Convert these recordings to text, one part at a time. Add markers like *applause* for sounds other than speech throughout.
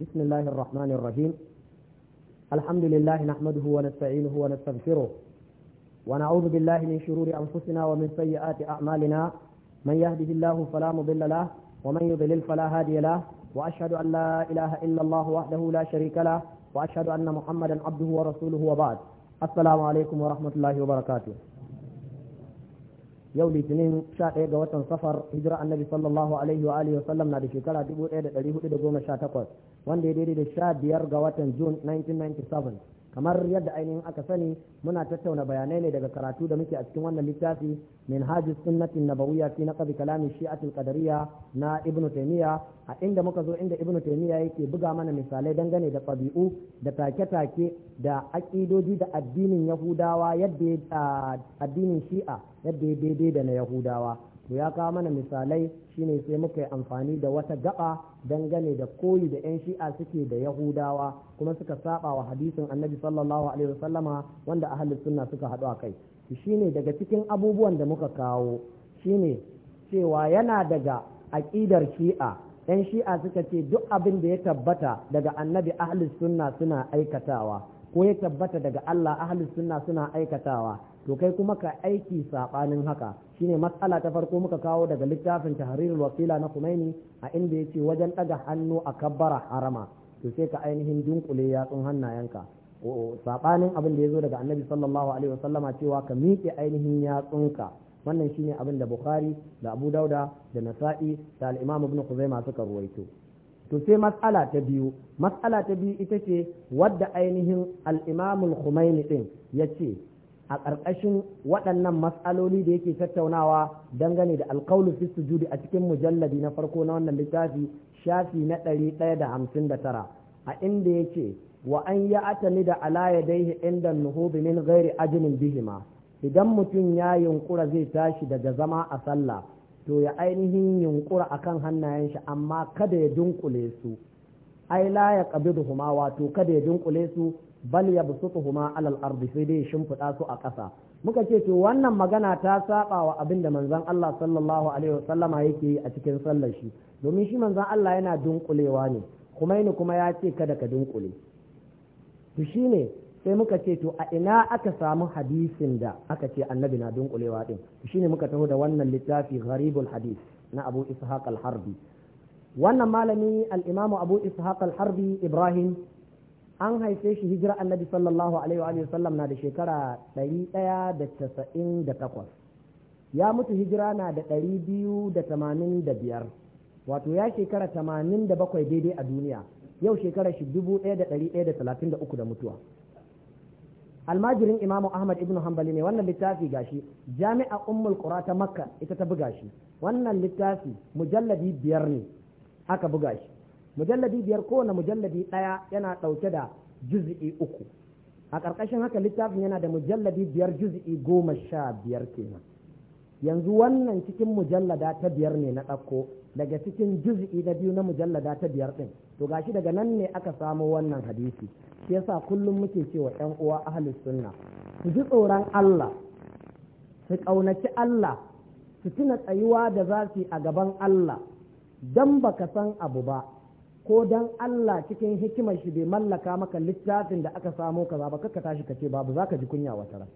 بسم الله الرحمن الرحيم الحمد لله نحمده ونستعينه ونستغفره ونعوذ بالله من شرور أنفسنا ومن سيئات أعمالنا من يهده الله فلا مضل له ومن يضلل فلا هادي له وأشهد أن لا إله إلا الله وحده لا شريك له وأشهد أن محمدا عبده ورسوله وبعد السلام عليكم ورحمة الله وبركاته yau litinin sha ɗaya ga watan safar hijira annabi sallallahu alaihi wa alihi wasallam دبو da shekara dubu ɗaya da wanda ya daidai da sha biyar ga watan June 1997 kamar yadda ainihin aka sani muna tattauna bayanai ne daga karatu da muke a cikin wannan littafi min haji sunnatin nabawiyya fi naqd kalami shi'atul qadariyya na ibnu taymiya a inda muka zo inda ibnu taymiya yake buga mana misalai dangane da ɗabi'u da take-take da aqidoji da addinin yahudawa yadda addinin shi'a yadda ya daidai da na yahudawa to ya kawo mana misalai shine sai muka yi amfani da wata gaba dangane da koyi da 'yan shi'a suke da yahudawa kuma suka saba wa hadisin annabi sallallahu alaihi wasallama wanda ahli sunna suka haɗu a kai shine daga cikin abubuwan da muka kawo shine cewa yana daga aƙidar shi'a 'yan shi'a suka ce duk abin da ya tabbata daga annabi ahli sunna suna aikatawa ko ya tabbata daga Allah ahli sunna suna aikatawa to kai kuma ka aiki sabanin haka shine matsala ta farko muka kawo daga littafin tahrirul wasila na Khomeini a inda yace wajen daga hannu a kabbara harama to sai ka ainihin dunkule yatsun hannayenka sabanin abin da ya zo daga annabi sallallahu alaihi wasallama cewa ka miƙe ainihin yatsunka wannan shine abin da Bukhari da Abu Dauda da Nasa'i da al-Imam Ibn Khuzaimah suka ruwaito to sai matsala ta biyu matsala ta biyu ita ce wadda ainihin al-Imam al-Khumaini din yace a ƙarƙashin waɗannan matsaloli da yake tattaunawa dangane da alƙawul fi sujudi a cikin mujalladi na farko na wannan littafi shafi na ɗari ɗaya da hamsin da tara a inda ya ce wa an ya atani da alaya daihi inda nuhubi min gairi ajinin bihima idan mutum ya yunƙura zai tashi daga zama a sallah to ya ainihin yunƙura kan hannayen shi amma kada ya dunƙule su ai la ya huma wato kada ya dunkule su bal yabsutuhuma alal ardi sai dai shimfiɗa su a ƙasa muka ce to wannan magana ta saba wa abin da manzon Allah sallallahu alaihi wasallama yake yi a cikin sallar shi domin shi manzon Allah yana dunkulewa ne Khumaini kuma ya ce kada ka dunkule to shine sai muka ce to a ina aka samu hadisin da aka ce annabi na dunkulewa din shine muka taho da wannan littafi gharibul hadis na Abu Ishaq al-Harbi wannan malami al-Imam Abu Ishaq al-Harbi Ibrahim an haife shi hijira annabi sallallahu alaihi wa sallam na da shekara takwas ya mutu hijira na da biyar wato ya shekara bakwai daidai a duniya yau shekara shi dubu ɗaya da ɗari ɗaya da mutuwa almajirin imamu ahmad ibn hanbali ne wannan littafi gashi jami'a ummul qura ta makka ita ta buga shi wannan littafi mujalladi biyar ne aka buga shi mujalladi biyar kowane mujalladi ɗaya yana ɗauke da juz'i uku a ƙarƙashin haka littafin yana da mujalladi biyar juz'i goma sha biyar kenan yanzu wannan cikin mujallada ta biyar ne na ɗauko daga cikin juz'i na biyu na mujallada ta biyar ɗin to gashi daga nan ne aka samo wannan hadisi shi yasa kullum muke cewa ƴan uwa ahli sunna su ji tsoron Allah su ƙaunaci Allah su tuna tsayuwa da za su yi a gaban Allah dan baka san abu ba ko dan Allah cikin hikimar shi bai mallaka maka littafin da aka samo ka ba ka tashi ce babu za ka ji kunya wata ran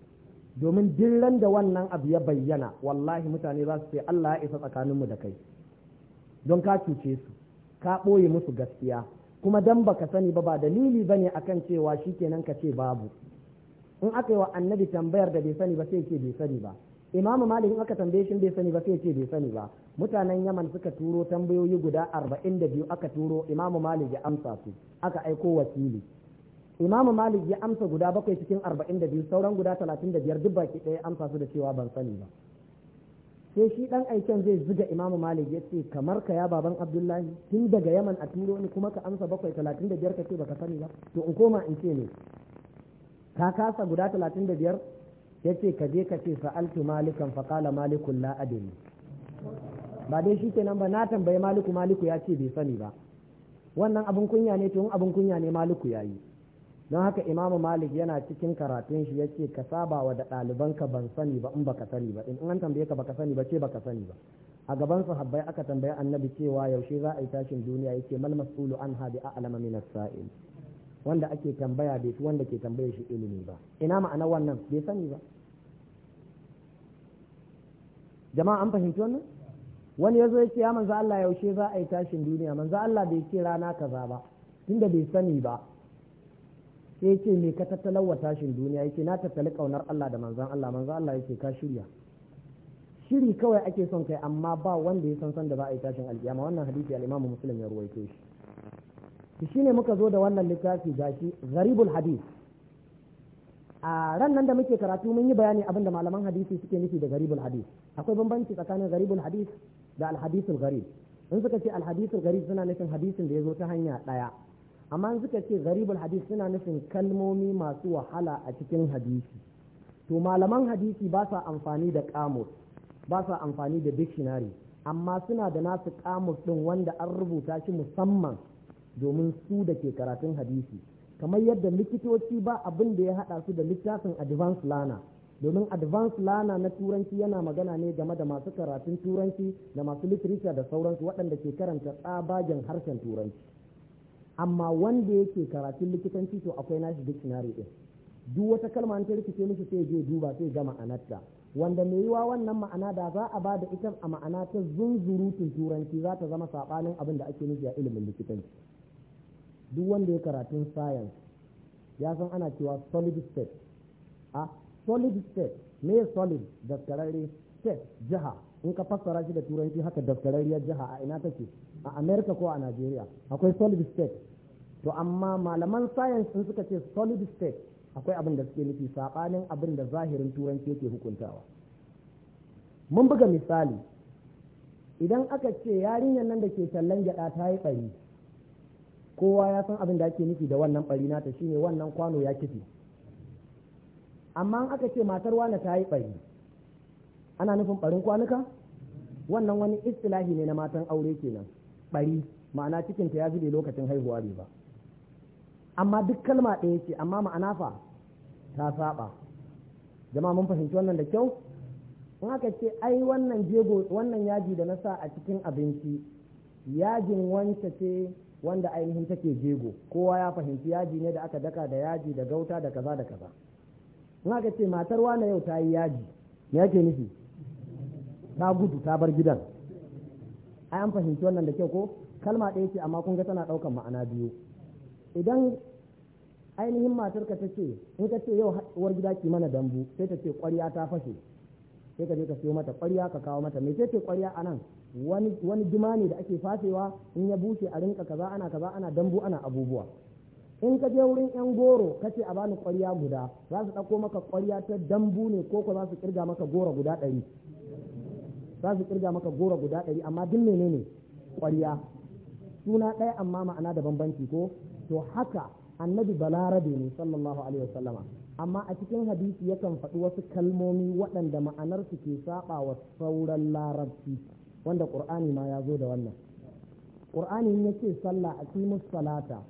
domin dillan da wannan abu ya bayyana wallahi mutane za su ce Allah ya isa tsakaninmu da kai don ka cuce su ka ɓoye musu gaskiya kuma dan baka sani ba ba dalili bane akan cewa shikenan ka ce babu in aka yi wa annabi tambayar da bai sani ba sai ke bai sani ba imamu malik in aka tambaye shi bai sani ba sai ce bai sani ba mutanen yaman suka turo tambayoyi guda arba'in da biyu aka turo imamu malik ya amsa su aka aiko wakili imamu malik ya amsa guda bakwai cikin arba'in da biyu sauran guda talatin da biyar duk baki ɗaya amsa su da cewa ban sani ba sai shi dan aiken zai zuga imamu malik ya ce kamar ka ya baban abdullahi tun daga yaman a turo ni kuma ka amsa bakwai talatin da biyar ka ce baka sani ba to in koma in ce ne ka kasa guda talatin da biyar ya ce ka je ka ce sa'altu malikan fa qala malikun la ba dai shi kenan ba na tambayi maliku maliku ya ce bai sani ba wannan abin kunya ne tun abin kunya ne maliku ya yi don haka imamu malik yana cikin karatun shi ya ce ka saba wa da ɗalibanka ban sani ba in baka sani ba in an tambaye ka baka sani ba ce baka sani ba a gaban sahabbai aka tambayi annabi cewa yaushe za a yi tashin duniya yake mal mas'ulu an a a'lama minas sail wanda ake tambaya bai fi wanda ke tambayar shi ilimi ba ina ma'ana wannan bai sani ba jama'a an fahimci wannan wani ya zo ya ce manzo Allah yaushe za a yi tashin duniya manzo Allah bai ce rana kaza ba tunda bai sani ba sai ce me ka tattalawa tashin duniya yake na tattali kaunar Allah da manzon Allah manzo Allah yake ka shirya shiri kawai ake son kai amma ba wanda ya san san da za a yi tashin alkiyama wannan hadisi al-Imam Muslim ya ruwaito shi shi ne muka zo da wannan littafi gashi gharibul hadith a ran nan da muke karatu mun yi bayani abin da malaman hadisi suke nufi da gharibul hadith akwai bambanci tsakanin gharibul hadith da alhadithul gharib in suka ce alhadithul gharib suna nufin hadisin da ya zo ta hanya ɗaya amma in suka ce gharibul hadith suna nufin kalmomi masu wahala a cikin hadisi to malaman hadisi ba sa amfani da kamus ba sa amfani da dictionary amma suna da nasu kamus din wanda an rubuta shi musamman domin su da ke karatun hadisi kamar yadda likitoci ba abin da ya haɗa su da littafin advanced lana domin advanced lana na turanci yana magana ne game da masu karatun turanci da masu literature da sauransu waɗanda ke karanta tsabagen harshen turanci amma wanda yake karatun likitanci to akwai nashi dictionary din duk wata kalma ta rikice mishi sai je duba sai ga ma'anarta wanda mai yiwa wannan ma'ana da za a bada ita a ma'ana ta zunzurutun turanci za ta zama saɓanin abin da ake nufi a ilimin likitanci duk wanda ya karatun science ya san ana cewa solid state a solid state me solid daskararre state jiha in ka fassara shi da turanci haka daskararriyar jiha a ina take a america ko a nigeria akwai solid state to amma malaman science sun suka ce solid state akwai abin da suke nufi saɓanin abin da zahirin turanci yake hukuntawa mun buga misali idan aka ce yarinyar nan da ke tallan gyaɗa ta yi ɓari kowa ya san abin da ake nufi da wannan bari nata shine wannan kwano ya kife amma aka ce matar wane ta yi ɓari. ana nufin ɓarin kwanuka wannan wani istilahi ne na matan aure kenan ɓari, ma'ana cikinta ya zube lokacin haihuwa ne ba amma duk kalma ɗaya ce amma ma'ana fa ta saba jama'a mun fahimci wannan da kyau in aka ce ai wannan jego wannan yaji da na sa a cikin abinci yajin wance ce wanda ainihin take jego kowa ya fahimci yaji ne da aka daka da yaji da gauta da kaza da kaza in aka ce matar wane yau ta yi yaji me yake nufi ta gudu ta bar gidan ai an fahimci wannan da kyau ko kalma ɗaya ce amma kun ga tana ɗaukar ma'ana biyu idan ainihin matarka ta ce in ka ce yau uwar gida ki mana dambu sai ta ce ƙwarya ta fashe sai ka je ka siyo mata ƙwarya ka kawo mata me ce ƙwarya a nan wani jima ne da ake fasewa in ya bushe a rinka kaza ana kaza ana dambu ana abubuwa in ka je wurin yan goro ka ce a bani kwarya guda za su ɗauko maka kwarya ta dambu ne ko ko za su kirga maka goro guda ɗari za su kirga maka goro guda ɗari amma duk menene kwarya suna ɗaya amma ma'ana da bambanci ko to haka annabi balarabe ne sallallahu alaihi wasallama amma a cikin hadisi yakan faɗi wasu kalmomi waɗanda ma'anarsu ke saɓa wa sauran larabci wanda qur'ani ma ya zo da wannan qur'ani ya ce sallah cimus salata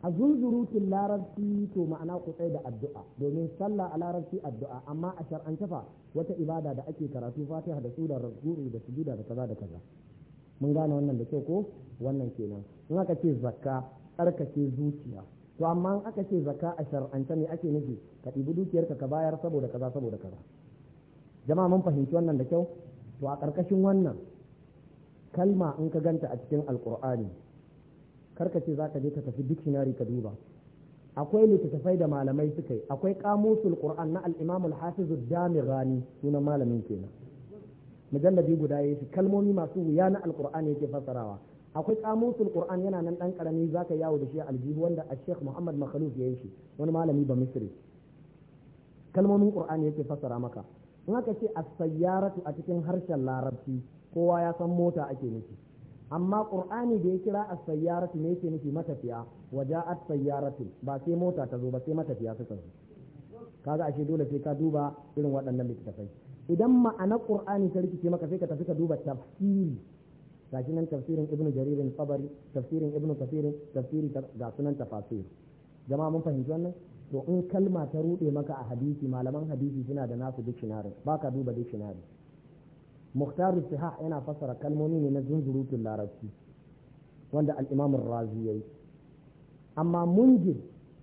a zunzurutun larabci to ma'ana ku da addu'a domin sallah a larabci addu'a amma a shar'ance fa wata ibada da ake karatu fatiha da sura rasulu da sujuda da kaza da kaza mun gane wannan da kyau ko wannan kenan in aka ce zakka tsarkake zuciya to amma in aka ce zakka a shar'ance ne ake nufi ka ɗibi dukiyarka ka bayar saboda kaza saboda kaza jama'a mun fahimci wannan da kyau to a ƙarƙashin wannan kalma in ka ganta a cikin alkur'ani karka ce za ka je ka tafi sinari ka duba akwai littattafai da malamai suka yi akwai kamusul qur'an na al-imam al-hafiz ad-damirani sunan malamin kenan mujalladi guda yayi kalmomi masu wuya na alkur'ani yake fassarawa akwai kamusul qur'an yana nan dan karami zaka yawo da shi aljihu wanda al-sheikh muhammad makhluf yayi shi wani malami ba misri kalmomin qur'ani yake fasara maka in aka ce as-sayyaratu a cikin harshen larabci kowa ya san mota ake nufi amma qur'ani da ya kira as-sayyaratu ne yake nufi matafiya waja'at sayyaratu ba sai mota ta zo ba sai matafiya suka zo kaga ashe dole sai ka duba irin waɗannan littafai idan ma'ana qur'ani ta rikice maka sai ka tafi ka duba tafsiri gashi nan tafsirin ibnu jaririn tabari tafsirin ibnu kasirin tafsiri ga sunan tafasir jama'a mun fahimci wannan to in kalma ta rude maka a hadisi malaman hadisi suna da nasu dictionary baka duba dictionary muhtaru siha yana fassara kalmomi ne na zunzurutun larabci wanda al'imamin razi ya yi amma munjir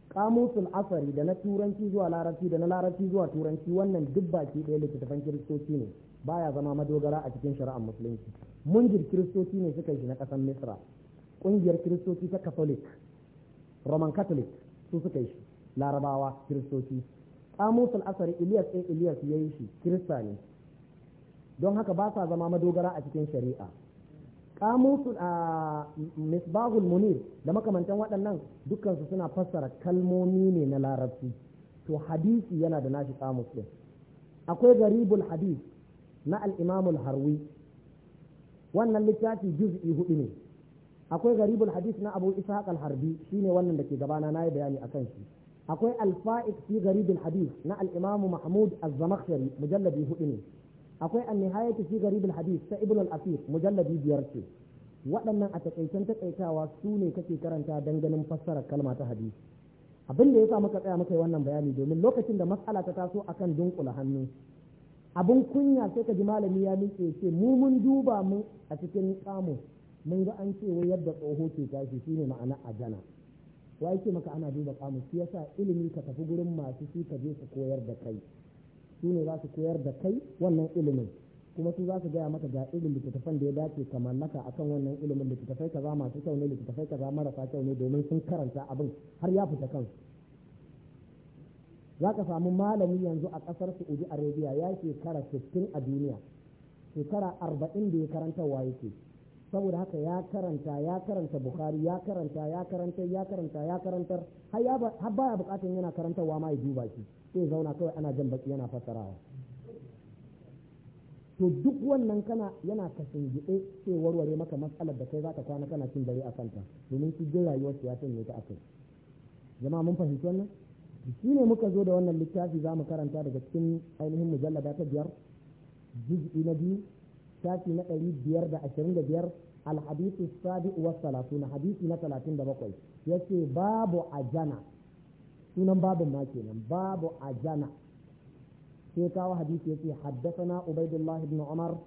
kamusul asari da na turanci zuwa larabci da na larabci zuwa turanci wannan duk baki ɗaya littattafan kiristoci ne ba ya zama madogara a cikin shari'ar musulunci munjir kiristoci ne suka yi na ƙasar misra ƙungiyar kiristoci ta katolik, roman katolik, su suka yi shi larabawa kiristoci kamusul asari iliyas ɗin iliyas ya yi shi kirista ne don haka ba sa zama madogara a cikin shari'a kamusu a misbahul munir da makamantan waɗannan dukkansu suna fassara kalmomi ne na larabci to hadisi yana da nashi kamus ɗin akwai garibul hadis na al'imamul harwi wannan littafi juz'i hudu ne akwai garibul hadis na abu ishaq al-harbi shine wannan da ke gabana na yi bayani akan shi akwai alfa'id fi garibul hadis na al'imamu mahmud az-zamakhshari mujalladi hudu ne akwai an-nihayatu fi gharib hadith ta ibn al-asir mujalladi biyar ce waɗannan a takaicen takaitawa su ne kake karanta ganin fassarar kalma ta hadisi abin da yasa muka tsaya muka yi wannan bayani domin lokacin da mas'ala ta taso akan dunkula hannu abin kunya sai ka ji malami ya miƙe ce mu mun duba mu a cikin kamu mun ga an ce wai yadda tsoho ke tashi shine ma'ana ajana wa yake maka ana duba kamu shi yasa ilimi ka tafi gurin masu shi ka je su koyar da kai su ne za su koyar da kai wannan ilimin kuma su za su gaya maka ga irin littattafan da ya dace ka mallaka akan wannan ilimin littattafai kaza masu kyau ne littattafai kaza marasa kyau ne domin sun karanta abin har ya fita kansu za ka samu malami yanzu a ƙasar saudi arabia ya shekara 60 a duniya shekara arba'in da ya karanta waye yake saboda haka ya karanta ya karanta bukari ya karanta ya karanta ya karanta ya karantar har baya bukatun yana karantarwa ma ya duba shi sai zauna kawai ana jan baki yana fassarawa to duk wannan kana yana ka gide sai warware maka matsalar da kai zaka kwana kana cin dare a kanta domin shi jin rayuwar ya sanya ta akai jama'a mun fahimci wannan shi ne muka zo da wannan littafi za mu karanta daga cikin ainihin mujallada ta biyar juz'i na biyu shafi na ɗari biyar da ashirin da biyar alhadisu sabi wa salatuna hadisi na talatin da bakwai ya ce babu ajana sunan babu ma kenan babu ajana sai kawo hadisi ya ce haddasana ubaidullah ibn umar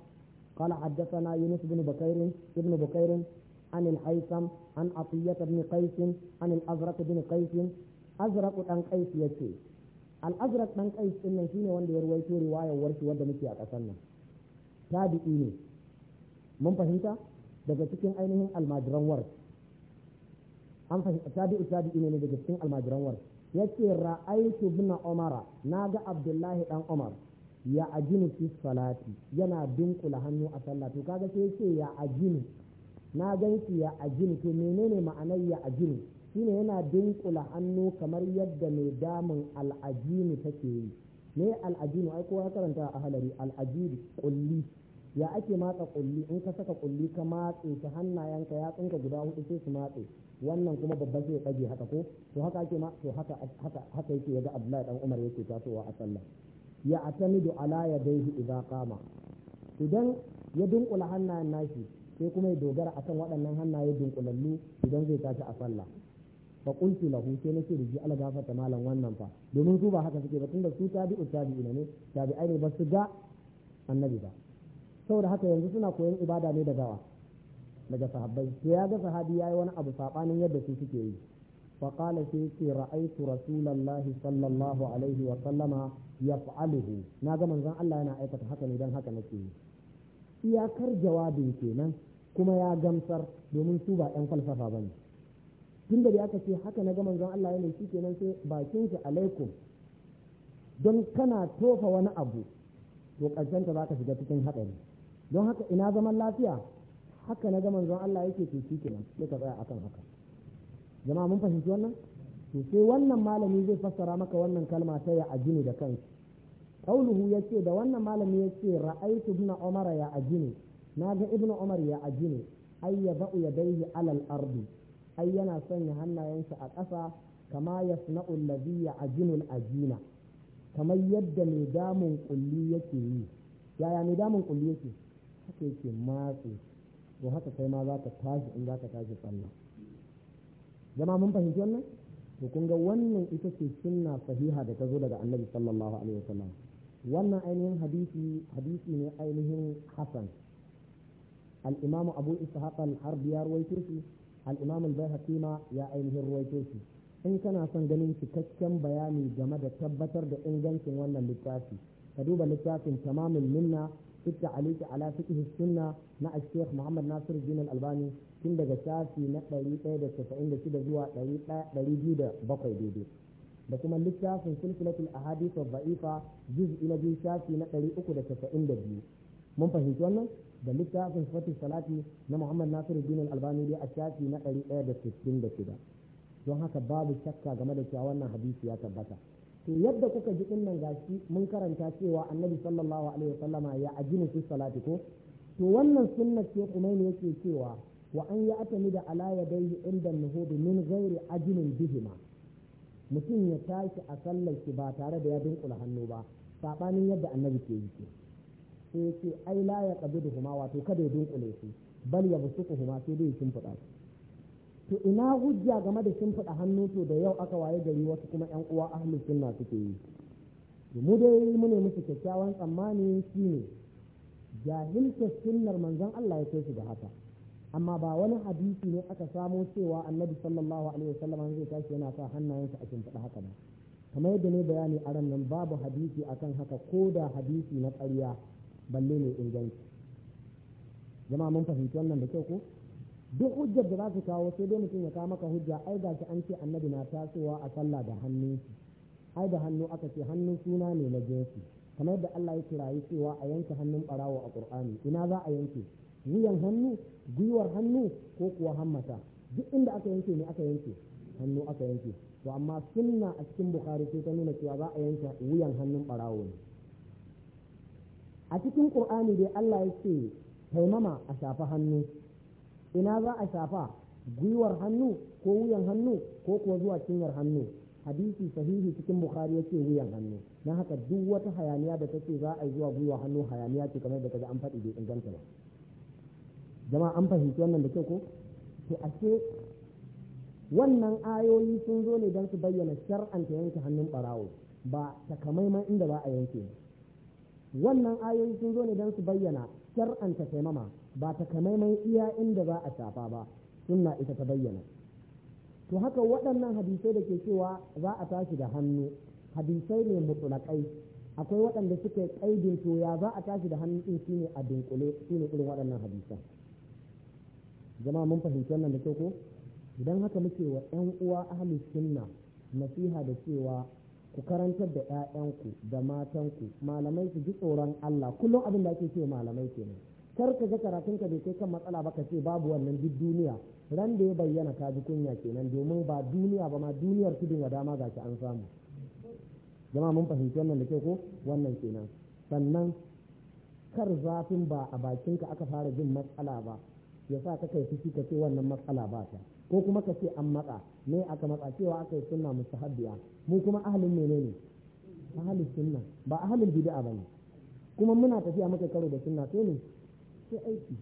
قال حدثنا يونس بن بكير ابن بكير عن الهيثم عن عطية بن قيس عن الأزرق بن قيس أزرق بن قيس يتي الأزرق بن قيس إن شيني وندي رويتو رواية ورش ودى مكي أكسنه tabi'i ne mun fahimta daga cikin ainihin almajiran war an fahimta tabi'u tabi'i ne daga cikin almajiran war yace ra'aytu ibn umara naga abdullahi dan umar ya ajinu fi salati yana dunkula hannu a sallah to kaga sai yace ya ajinu na ganki ya ajinu to menene ma'anar ya ajinu shine yana dunkula hannu kamar yadda mai damun al'ajini take yi me al'ajinu ai kowa ya karanta a halari al'ajin kulli ya ake matsa kulli in ka saka kulli ka matse ta hannayenka ya tsinka guda hudu sai su matse wannan kuma babban sai ya tsage haka ko to haka ake ma to haka haka haka yake yaga Abdullahi dan Umar yake tasowa a sallah ya atamidu ala yadayhi idza qama idan ya dunkula hannayen nashi sai kuma ya dogara akan waɗannan hannaye dunkulallu idan zai tashi a sallah fa qultu lahu sai nace da shi ala malam wannan fa domin su ba haka suke ba tunda su tabi'u ina ne tabi'ai ne ba su ga annabi ba saboda haka yanzu suna koyon ibada ne da gawa daga sahabbai sai ya ga sahabi yayi wani abu sabanin yadda su suke yi fa qala sai ce ra'aytu rasulullahi sallallahu alaihi wa sallama yaf'aluhu na ga manzon Allah yana aikata haka ne dan haka nake yi iyakar jawabin kenan kuma ya gamsar domin su ba 'yan falsafa ba ne tun da aka ce haka na ga zan Allah yana shi kenan sai bakin shi alaikum don kana tofa wani abu to ƙarshen ta zaka shiga cikin haɗari don haka ina zaman lafiya haka na ga zan Allah yake ke shi kenan sai ka tsaya akan haka jama'a mun fahimci wannan to sai wannan malami zai fassara maka wannan kalma ta ya ajini da kansa qauluhu yace da wannan malami yace ra'aytu ibn umar ya ajini na ga ibn umar ya ajini ya yadau yadayhi alal ardi ai yana sanya hannayensa a ƙasa kama ya suna a ya ajinul ajina kamar yadda mai damun kulli yake yi yaya mai damun kulli yake haka yake matsi to haka kai ma za ka tashi in za ka tashi tsalla zama mun fahimci wannan to kun ga wannan ita ce sunna sahiha da ta zo daga annabi sallallahu alaihi wasallam wannan ainihin hadisi hadisi ne ainihin hasan al-imam abu ishaq al-harbi ya rawaito shi al-imam ma ya ainihin ruwaito shi in kana son ganin cikakken bayani game da tabbatar da ingancin wannan littafi ka duba littafin tamamin minna fi aliki ala fiqh sunna na al muhammad nasir din albani tun daga shafi na 196 zuwa 207 daidai da kuma littafin silsilatul ahadith ad-da'ifa juz'i na biyu shafi na 392 mun fahimci wannan da littafin sifatin salati na Muhammad Nasiruddin Albani dai a shafi na ɗari ɗaya da shida don haka babu shakka game da cewa wannan hadisi ya tabbata to yadda kuka ji dinnan gashi mun karanta cewa Annabi sallallahu alaihi wasallama ya ajinu fi salati ko to wannan sunna ce Kumaini yake cewa wa an ya atami da alaya yadayhi inda nuhudu min ghairi ajinin bihima mutum ya tashi a sallar shi ba tare da ya dunkula hannu ba saɓanin yadda annabi ke yi sai ya ce ai la ya da huma wato kada ya dunkule su bal ya busuku huma sai dai shimfiɗa su to ina hujja game da shimfiɗa hannu to da yau aka waye gari wasu kuma yan uwa ahli sunna suke yi mu dai mu ne musu kyakkyawan tsammani shine jahilta sunnar manzon Allah ya kai su da haka amma ba wani hadisi ne aka samo cewa annabi sallallahu alaihi wasallam zai tashi yana sa hannayensa a fada haka ba kamar yadda ne bayani a nan babu hadisi akan haka ko da hadisi na ƙarya balle mai inganci zama mun fahimci wannan da kyau ko duk hujjar da za su kawo sai dai mutum ya kawo maka hujja ai ga shi an ce annabi na tasowa a sallah da hannun ai da hannu aka ce hannun suna ne na jinsi kamar yadda Allah ya kirayi cewa a yanke hannun barawo a Qur'ani ina za a yanke wuyan hannu gwiwar hannu ko kuwa hammata duk inda aka yanke ne aka yanke hannu aka yanke to amma sunna a cikin bukhari sai ta nuna cewa za a yanke wuyan hannun barawo ne a cikin ƙur'ani dai Allah ya ce taimama a shafa hannu ina za a shafa gwiwar hannu ko wuyan hannu ko kuwa zuwa cinyar hannu hadisi sahihi cikin bukhari ce wuyan hannu Na haka duk wata hayaniya da tace za a yi zuwa gwiwar hannu hayaniya ce kamar da kaga an faɗi bai inganta ba jama'a an fahimci wannan da kyau ko to ashe wannan ayoyi sun zo ne don su bayyana shar'anta yanke hannun ɓarawo, ba takamaiman inda ba a yanke wannan ayoyi sun zo ne don su bayyana shar'anta taimama ba ta kamaimai iya inda za a shafa ba sunna ita ta bayyana to haka waɗannan hadisai da ke cewa za a tashi da hannu hadisai ne mutulakai akwai waɗanda suke ƙaidin soya za a tashi da hannu ɗin shine a dunkule shine irin waɗannan hadisan jama'a mun fahimci wannan da kyau ko idan haka muke wa 'yan uwa ahli sunna nasiha da cewa ku karantar da 'ya'yanku da matanku malamai su ji tsoron Allah kullum abin da ake ce malamai kenan kar ka ga karatunka bai kai kan matsala ba ka ce babu wannan duk duniya ran da ya bayyana ka ji kunya kenan domin ba duniya ba ma duniyar tudun wa dama ga an samu jama mun fahimci wannan da ke ko wannan kenan sannan kar zafin ba a bakinka aka fara jin matsala ba ya sa ka kai fushi ka ce wannan matsala ba ta ko kuma ka ce an matsa me aka matsa cewa aka yi sunna mustahabbiya mu kuma ahalin menene ahalin sunna ba ahalin bid'a bane kuma muna tafiya muka karo da sunna sai ne sai aiki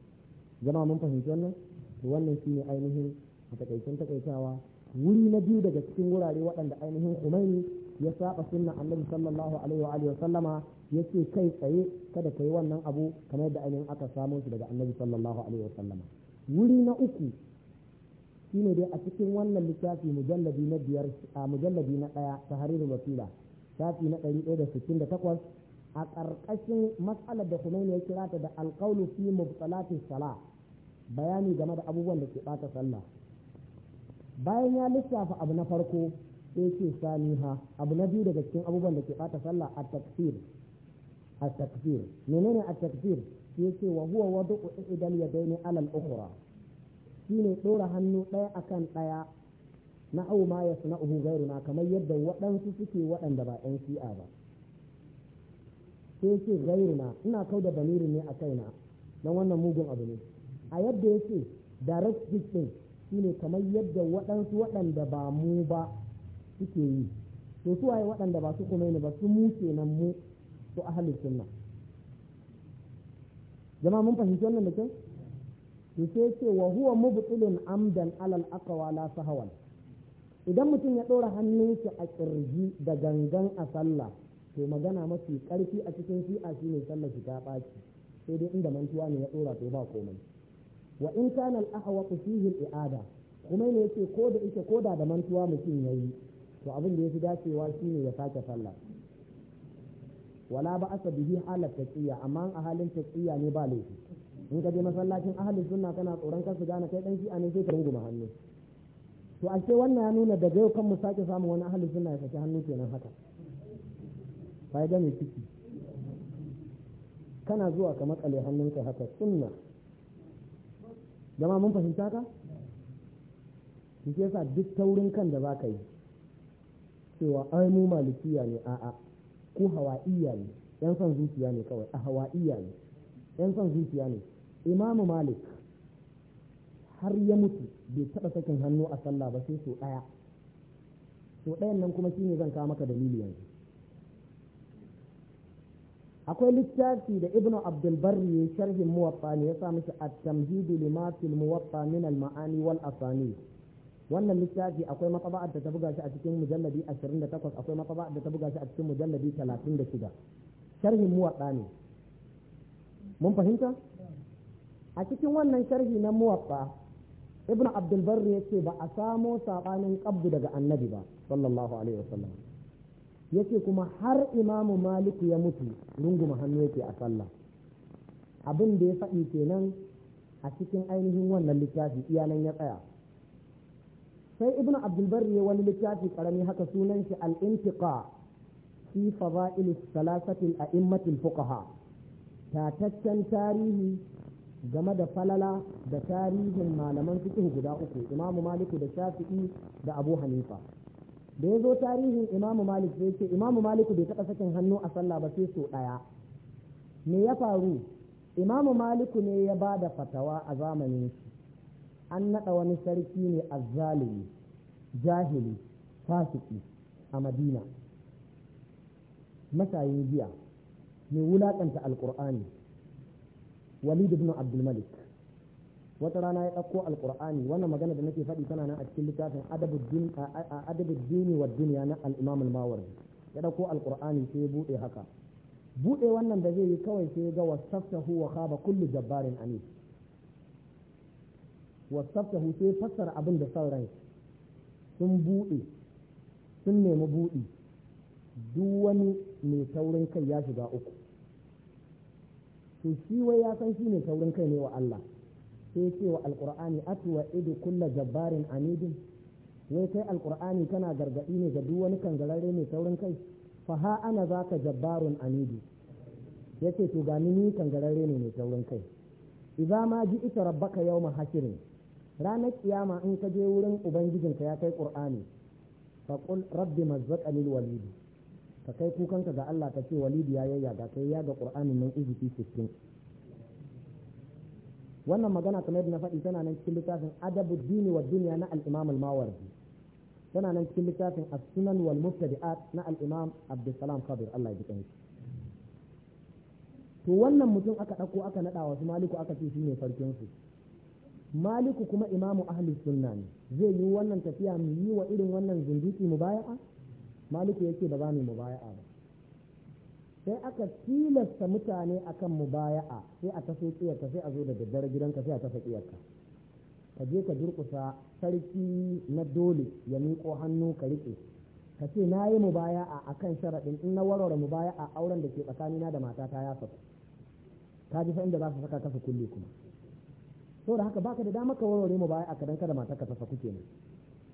jama'a mun fahimci wannan to wannan shine ainihin a takaicin takaitawa wuri na biyu daga cikin wurare waɗanda ainihin Khomeini ya saba sunna annabi sallallahu alaihi wa alihi sallama yace kai tsaye kada ka yi wannan abu kamar yadda ainihin aka samu su daga annabi sallallahu alaihi wa sallama wuri na uku Shi ne dai a cikin wannan littafi mujallabi na biyar a mujallabi na ɗaya ta haririn wasila shafi na ɗari ɗaya da sittin da takwas a ƙarƙashin matsalar da Khomeini ya kira ta da alƙawlu fi mubtalati salah bayani game da abubuwan da ke ɓata sallah bayan ya lissafa abu na farko sai ce saniha abu na biyu daga cikin abubuwan da ke ɓata sallah a takfir a takfir menene a takfir sai ce wa huwa idan ya daina alal ukhra shine ɗora hannu ɗaya a kan ɗaya na au ma ya suna uhu gairuna kamar yadda waɗansu suke waɗanda ba 'yan shi'a ba sai ce gairuna ina kau da ne a kaina don wannan mugun abu ne a yadda ya ce direct speaking shine kamar yadda waɗansu waɗanda ba mu ba suke yi to su waye waɗanda ba su kuma ne ba su mu kenan mu su ahalin sunna jama'a mun fahimci wannan da kyau to sai ce wa huwa mubtilun amdan alal aqwa la sahawan idan mutum ya ɗora hannunsa a kirji da gangan a sallah to magana mafi ƙarfi a cikin shi'a shine sallah shi ta baci sai dai inda mantuwa ne ya ɗora to ba komai wa in kana al-ahwa fihi al-i'ada kuma ne yace ko da yake ko da da mantuwa mutum yayi to abin da yafi dacewa shine ya sake sallah wala ba asabihi halat taqiyya amma a halin taqiyya ne ba laifi in ka je masallacin ahalin sunna kana tsoron kar su gane kai ɗan shi'a ne sai ka runguma hannu to ashe wannan ya nuna da yau kan mu sake samun wani ahalin suna ya saki hannu kenan haka fa ga mai ciki kana zuwa ka makale hannunka haka sunna jama mun fahimta ka shi ke sa duk taurin kan da za ka yi cewa ai mu malikiya ne a'a ku hawa'iya ne yan son zuciya ne kawai a hawa'iya ne yan son zuciya ne imamu malik har ya mutu bai taɓa sakin hannu a sallah ba sai so ɗaya so ɗayan nan kuma shine zan kawo maka dalili yanzu akwai littafi da ibn abdulbarri ya sharhin muwaffa ne ya sa mishi at-tamhidu lima muwaffa min al wal asani wannan littafi akwai matsaba'ar da ta buga shi a cikin mujalladi 28 akwai matsaba'ar da ta buga shi a cikin mujalladi 36 sharhin muwaffa ne mun fahimta a cikin wannan sharhi na muwaffa ibn abdul ya yace ba a samo sabanin qabdu daga annabi ba sallallahu alaihi wasallam yace kuma har imamu maliku ya mutu runguma hannu yake a sallah abin da ya faɗi kenan a cikin ainihin wannan littafi iyalan ya tsaya sai ibn abdulbarri ya wani littafi karami haka sunan shi al-intiqa fi fada'il salasati aimmatil fuqaha tataccen tarihi game da falala da tarihin malaman fiqh guda uku imamu maliku da shafi'i da abu hanifa da ya zo tarihin imamu malik sai ce imamu maliku bai taɓa sakin hannu a sallah ba sai so ɗaya me ya faru imamu maliku ne ya ba da fatawa a zamanin shi an naɗa wani sarki ne azzalimi jahili fasiki a madina mashayin jiya mai wulaƙanta alƙur'ani walid ibn abdul malik wata rana ya ɗauko alkur'ani wannan magana da nake faɗi tana nan a cikin littafin adabin dini wa duniya na al-imam ya ɗauko alkur'ani sai ya buɗe haka buɗe wannan da zai yi kawai sai ya ga wasaftahu wa khaba kullu jabbarin anis wasaftahu sai fassara abin da son rai sun buɗe sun nemi buɗi duk wani mai taurin kai ya shiga uku to shi wai ya san shi ne saurin kai ne wa Allah sai ce wa alqur'ani wa idu kulla jabbarin anidin wai kai alqur'ani kana gargadi ne ga duk wani kangararre mai taurin kai fa ha ana zaka jabbarun anidi yace to ga ni kangararre ne mai taurin kai idza ma ji ita rabbaka yawma hashirin ranar kiyama in ka je wurin ubangijinka ya kai qur'ani fa qul rabbi mazzaqani walidi ka kai kukanka ga Allah ka ce walidi ya yayyaga kai ya ga Kur'ani nan izifi 60 wannan magana kamar yadda na faɗi tana nan cikin littafin adabu dini wa duniya na al-imam al-mawardi tana nan cikin littafin as-sunan wal mubtadi'at na al-imam abdussalam khadir Allah ya ji to wannan mutum aka ɗauko aka naɗa wasu maliku aka ce shine farkin su maliku kuma imamu ahli sunna ne zai yi wannan tafiya mu yi wa irin wannan zindiki mu baya? maliki ce ba za mu mubaya'a ba sai aka tilasta mutane akan mubaya'a sai a tafi tsiyarka sai a zo da daddare gidanka sai a tafi tsiyarka ka je ka durkusa sarki na dole ya miƙo hannu ka riƙe ka ce na yi mubaya'a a kan sharaɗin in na warware mubaya'a auren da ke tsakanina da matata ya saka ka ji sa'in da za su saka kasa kulle kuma da haka baka da dama ka warware mubaya'a ka dan kada ka tafa kuke ne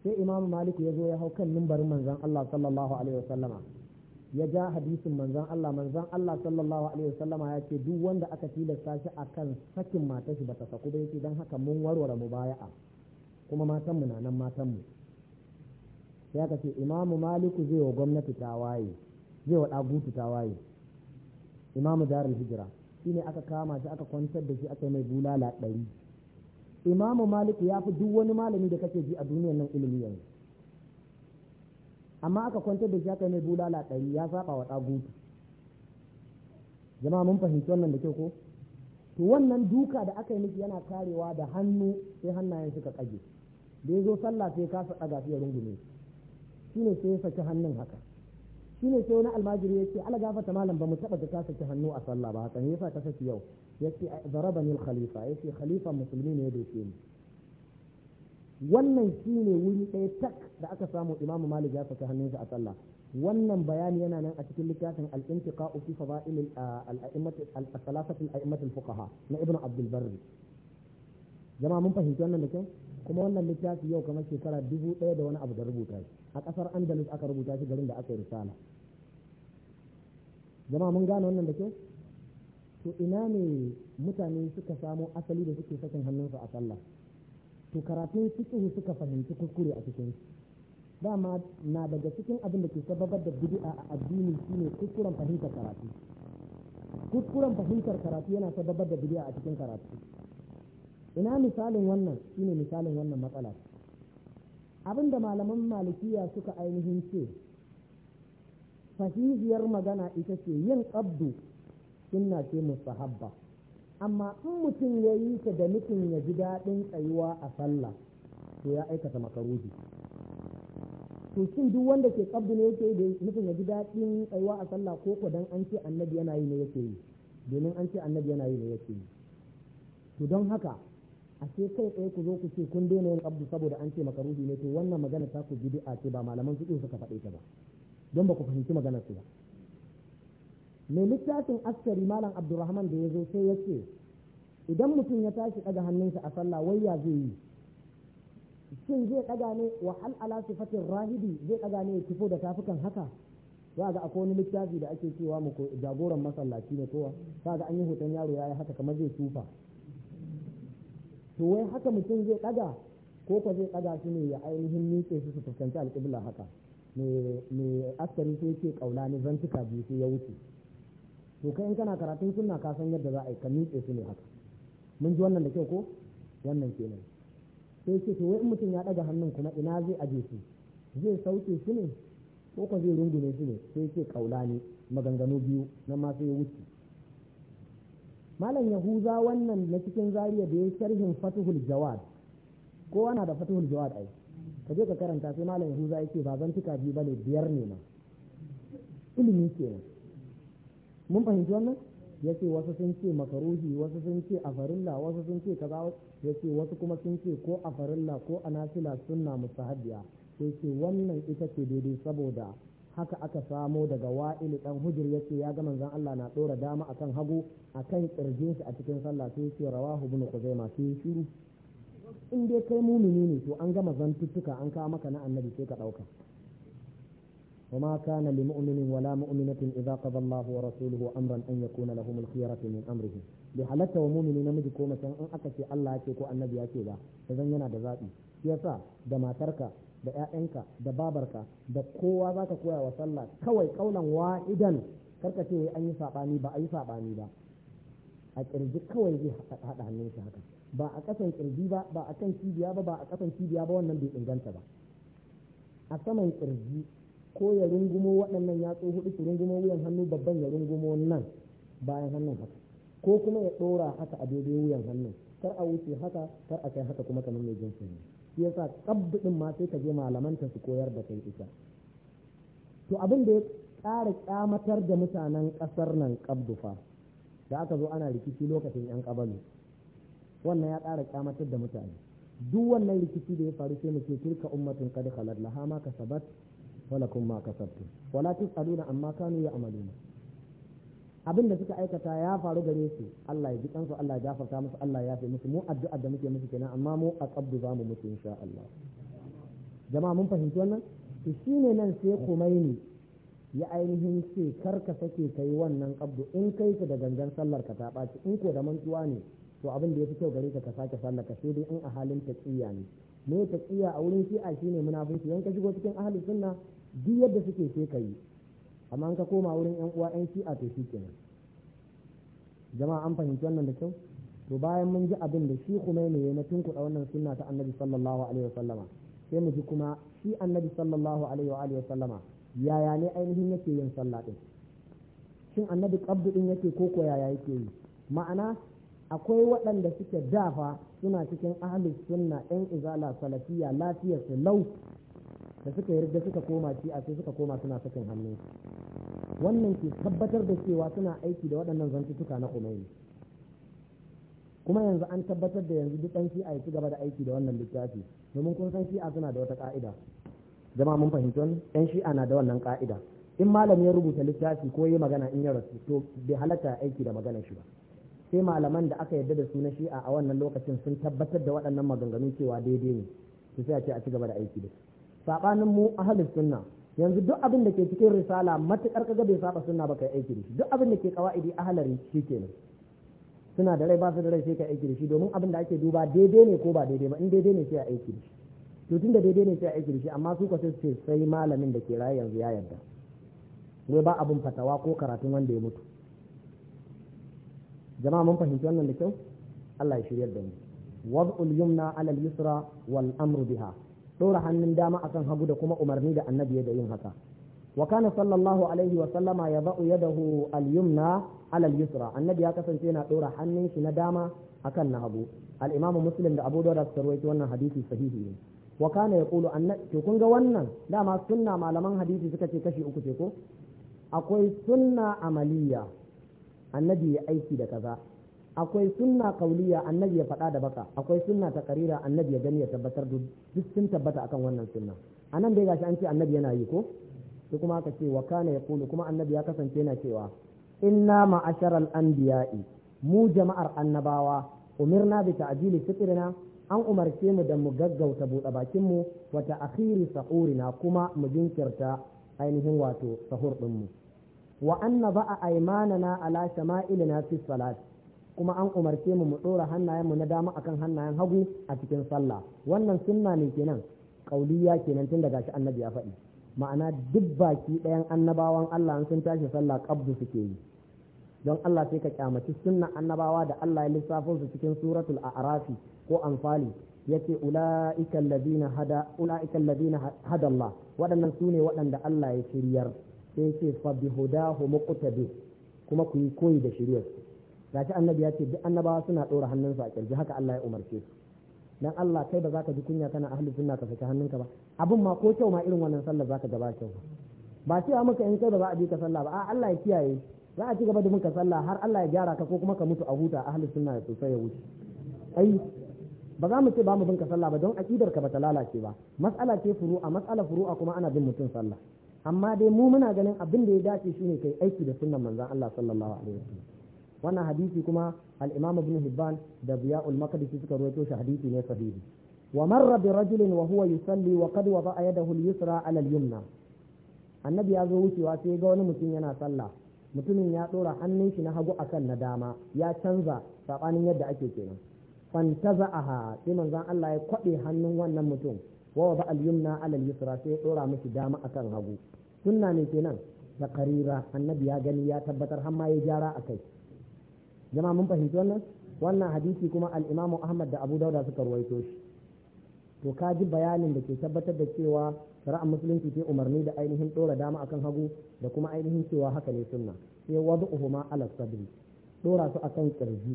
sai imamu maliku ya zo ya hau kan mimbarin manzan Allah sallallahu alaihi wasallama ya ja hadisin manzan Allah manzan Allah sallallahu alaihi wasallama ya ce duk wanda aka tilasta shi akan sakin matar shi bata saku ba yace dan haka mun warware mu a kuma matan na nan matan mu sai aka ce imamu maliku zai wa gwamnati ta waye zai wa ta waye imamu darul hijira shine aka kama shi aka kwantar da shi aka yi mai bulala ɗari imamu malik ya fi duk wani malami da kake ji a duniyar nan ilimi yanzu amma aka kwantar da shaka mai bulala ɗari ya saba wa ɗagutu jama'a mun fahimci wannan da kyau ko to wannan duka da aka yi miki yana karewa da hannu sai hannayen suka kage da ya zo sallah sai kasa ɗaga fiye rungume shi ne sai ya saki hannun haka shine sai wani almajiri yace ala gafata malam ba mu taba da kasa hannu a sallah ba hakan yasa ka saki yau yace darabani al khalifa yace khalifa musulmi ne ya doke ni wannan shine wuri ɗaya tak da aka samu imamu malik ya hannun hannunsa a sallah wannan bayani yana nan a cikin littafin al-intiqa'u fi fada'il al-a'immat al-thalathah al-a'immat al-fuqaha na ibnu abdul barri jama'a mun fahimci wannan da kyau kuma wannan littafi yau kamar shekara dubu ɗaya da wani abu da rubuta shi a ƙasar andalus aka rubuta shi garin da aka yi risala jama'a mun gane wannan da kyau to ina ne mutane suka samo asali da suke sakin hannunsu a sallah to karatun fiqh suka fahimci kuskure a cikin dama na daga cikin abin da ke sababar da bid'a a addini shine kuskuren fahimtar karatu kuskuren fahimtar karatu yana sababar da bid'a a cikin karatu ina misalin wannan shine misalin wannan matsala abin da malaman malikiya suka ainihin ce sahihiyar magana ita ce yin abdu sunna ce habba amma in mutum ya yi ta da nufin ya ji daɗin tsayuwa a sallah to ya aikata makaruhi to shin duk wanda ke kabdu ne yake da nufin ya ji daɗin tsayuwa a sallah ko ko dan an ce annabi yana yi ne yake yi domin an ce annabi yana yi ne yake yi to don haka a ce kai tsaye ku zo ku ce kun daina yin kabdu saboda an ce makaruji ne to wannan magana ta ku bid'a ce ba malaman fiqh suka faɗe ta ba don ba ku fahimci maganar su ba mai littafin askari malam abdurrahman da ya zo sai ya ce idan mutum ya tashi ɗaga hannunsa a sallah wai ya zai yi shin zai ɗaga ne wa hal ala sifatin rahidi zai ɗaga ne ya kifo da tafukan haka za ga akwai wani littafi da ake cewa mu jagoran masallaci ne kowa za ga an yi hoton yaro ya yi haka kamar zai tufa to wai haka mutum zai ɗaga ko ko zai ɗaga su ne ya ainihin miƙe su su fuskanci alƙibla haka Me askari sai ce kaula ne zan cika biyu sai ya wuce to kai in kana karatun sunna ka san yadda za a yi ka miƙe su ne haka mun ji wannan da kyau ko wannan kenan sai ce to wai in mutum ya ɗaga hannun kuma ina zai aje su zai sauke su ne ko ko zai rungume su ne sai ce kaula ne maganganu biyu na ma sai ya wuce malam yahuza wannan na cikin zariya da ya sharhin fatihul jawad kowa na da fatihul jawad ai ka je ka karanta sai malam yahuza yake ba zan zantuka biyu ne biyar ne ma ilimi kenan mun fahimci wannan Ya ce wasu sun ce makaruhi wasu sun ce a wasu sun ce kaza ce wasu kuma sun ce ko a ko a sunna hadiya sai ce wannan ita ce daidai saboda haka aka samo daga waili dan hujir ce ya ga manzon Allah na dora dama akan hagu akan kirjin shi a cikin sallah sai ce rawahu ibn khuzaimah sai shiru in dai kai mumini ne to an gama zantuttuka an kawo maka na annabi sai ka ɗauka. Wa ma kana li mu'minin wala mu'minatin idza qada wa rasuluhu amran an yakuna lahum al-khiyaratu min amrihi. Bi halaka wa mumini namiji miji ko mace in aka ce Allah yake ko annabi ya ke ba ka yana da zaɓi Shi yasa da matarka da ƴaƴanka da babarka da kowa za ka koya wa sallah kawai kaulan wa'idan idan karka ce wai an yi saɓani ba a yi saɓani ba. A ƙirji kawai zai haɗa hannunsa haka. ba a kasan kirji ba ba a kan cibiya ba ba a kasan cibiya ba wannan bai inganta ba a saman kirji ko ya rungumo waɗannan yatsu hudu su rungumo wuyan hannu babban ya rungumo nan bayan hannun haka ko kuma ya ɗora haka a daidai wuyan hannun kar a wuce haka kar a kai haka kuma kamar mai jinsi ne shi yasa kabdin ma sai ka je malamanta su koyar da kai ita to abin da ya ƙara ƙyamatar da mutanen ƙasar nan ƙabdufa da aka zo ana rikici lokacin yan ƙabalu. wannan ya ƙara kyamatar da mutane duk wannan rikici da ya faru sai mu ce tilka ummatun qad khalat laha ma kasabat wa lakum ma kasabtum wa tusaluna amma kanu ya'maluna abin da suka aikata ya faru gare su Allah ya ji kansu Allah ya gafarta musu Allah ya yafe musu mu addu'a da muke musu kenan amma mu a qabdu za mu mutu insha Allah jama'a mun fahimci wannan to shine nan sai Khomeini ya ainihin ce kar ka sake kai wannan qabdu in kai ka da gangan sallar ka ta ɓaci in ko da mantuwa ne to abin da ya fi kyau gare ka ka sake sallaka sai dai in a halin taqiyya ne me taqiyya a wurin shi'a shine munafiki yan ka shigo cikin ahlus sunna duk yadda suke sai ka yi amma an ka koma wurin yan uwa yan shi'a to shikenan jama'a an fahimci wannan da kyau to bayan mun ji abin da shi Khomeini ya na tunkuɗa wannan sunna ta Annabi sallallahu alaihi wasallama sai mu ji kuma shi Annabi sallallahu alaihi wa alihi wasallama yaya ne ainihin yake yin sallah din shin Annabi qabdu din yake ko ko yaya yake yi ma'ana akwai waɗanda suke dafa suna cikin ahlus sunna ɗan izala salafiya lafiyar su lau da suka yarda suka koma ci a sai suka koma suna sakin hannu wannan ke tabbatar da cewa suna aiki da waɗannan zantutuka na umairi kuma yanzu an tabbatar da yanzu duk ɗan shi'a ya ci gaba da aiki da wannan littafi domin kun san shi'a suna da wata ka'ida Zama mun fahimci wani shi'a na da wannan ka'ida in malam ya rubuta littafi ko yi magana in ya rasu to bai halatta aiki da magana shi ba sai malaman da aka yarda da su na shi'a a wannan lokacin sun tabbatar da waɗannan maganganu cewa daidai ne su sai a ce a ci gaba da aiki da sabanin mu halin sunna yanzu duk abin da ke cikin risala matukar kaga bai saba sunna ba kai aiki da shi duk abin da ke qawaidi ahlari shikenan suna da rai ba su da rai sai kai aiki da shi domin abin da ake duba daidai ne ko ba daidai ba in daidai ne sai a aiki da shi to tunda daidai ne sai a aiki da shi amma su ka sai sai malamin da ke raye yanzu ya yarda wai ba abin fatawa ko karatun wanda ya mutu jama'a mun fahimci wannan da kyau Allah ya shiryar da mu wad'ul yumna ala al-yusra wal amru biha dora hannun dama akan hagu da kuma umarni da annabi da yin haka wa kana sallallahu alaihi wa sallama yada'u yadahu al-yumna ala al-yusra annabi ya kasance yana dora hannun shi na dama akan na hagu al-imamu muslim da abu dawud su rawaito wannan hadisi sahihi ne wa kana yaqulu anna to kun ga wannan dama sunna malaman hadisi suka ce kashi uku ce ko akwai sunna amaliya annabi ya aiki da kaza akwai sunna kauliya annabi ya faɗa da baka akwai sunna ta karira annabi ya gani ya tabbatar duk sun tabbata akan wannan sunna a nan dai gashi an ce annabi yana yi ko sai kuma aka ce wa kana ya kulu kuma annabi ya kasance yana cewa inna ma'ashar al-anbiya'i mu jama'ar annabawa umirna bi ta'jili fitrina an umarce mu da mu gaggauta buɗe bakin mu wata akhiri sahurina kuma mu jinkirta ainihin wato sahur ɗinmu mu wa anna ba'a aymanana ala shama'ilina fi kuma an umarce mu mu dora hannayen mu na dama akan hannayen hagu a cikin sallah wannan sunna ne kenan kauliya kenan tun daga shi annabi ya faɗi ma'ana duk baki ɗayan annabawan Allah sun tashi sallah qabdu suke yi don Allah sai ka kyamaci sunnan annabawa da Allah ya lissafo su cikin suratul a'rafi ko anfali yace ulaika alladhina hada ulaika alladhina hada Allah waɗannan sune waɗanda Allah ya shiryar sai ce fa bi hudahu muqtadi kuma ku yi koyi da shiriyar gashi annabi ya ce duk annabawa suna ɗora hannunsu a kirji haka Allah ya umarce su dan Allah kai ba zaka ji kunya kana ahli sunna ka saki hannunka ba abin ma ko kyau ma irin wannan sallar zaka ka gaba kyau ba cewa maka in kai ba za a bi ka sallah ba a Allah ya kiyaye za a ci gaba da muka sallah har Allah ya gyara ka ko kuma ka mutu a huta ahli sunna ya sosai ya wuce ai ba za mu ce ba mu binka ka sallah ba don aqidar ka ba ta lalace ba mas'ala ce furu'a mas'ala furu'a kuma ana bin mutum sallah amma dai mu muna ganin abin da ya dace shine kai aiki da sunnan manzon Allah sallallahu alaihi wasallam wannan hadisi kuma al-Imam Ibn Hibban da Ziya'ul Maqdisi suka rawaito shi hadisi ne sahihi wa marra bi rajulin wa huwa yusalli wa qad wada yadahu al-yusra ala al-yumna annabi ya zo wucewa sai ga wani mutum yana sallah mutumin ya dora hannun shi na hagu akan na dama ya canza sabanin yadda ake kenan fantaza'aha sai manzon Allah ya kwabe hannun wannan mutum wa ba al-yumna ala al-yusra sai dora miki dama akan hagu sunna ne kenan da qarira annabi ya gani ya tabbatar har ma ya gyara akai jama'a mun fahimci wannan wannan hadisi kuma al-imam Ahmad da Abu Dawud suka ruwaito shi to ka ji bayanin da ke tabbatar da cewa shari'ar musulunci ce umarni da ainihin dora dama akan hagu da kuma ainihin cewa haka ne sunna sai wadu'uhuma ala sadri dora su akan kirji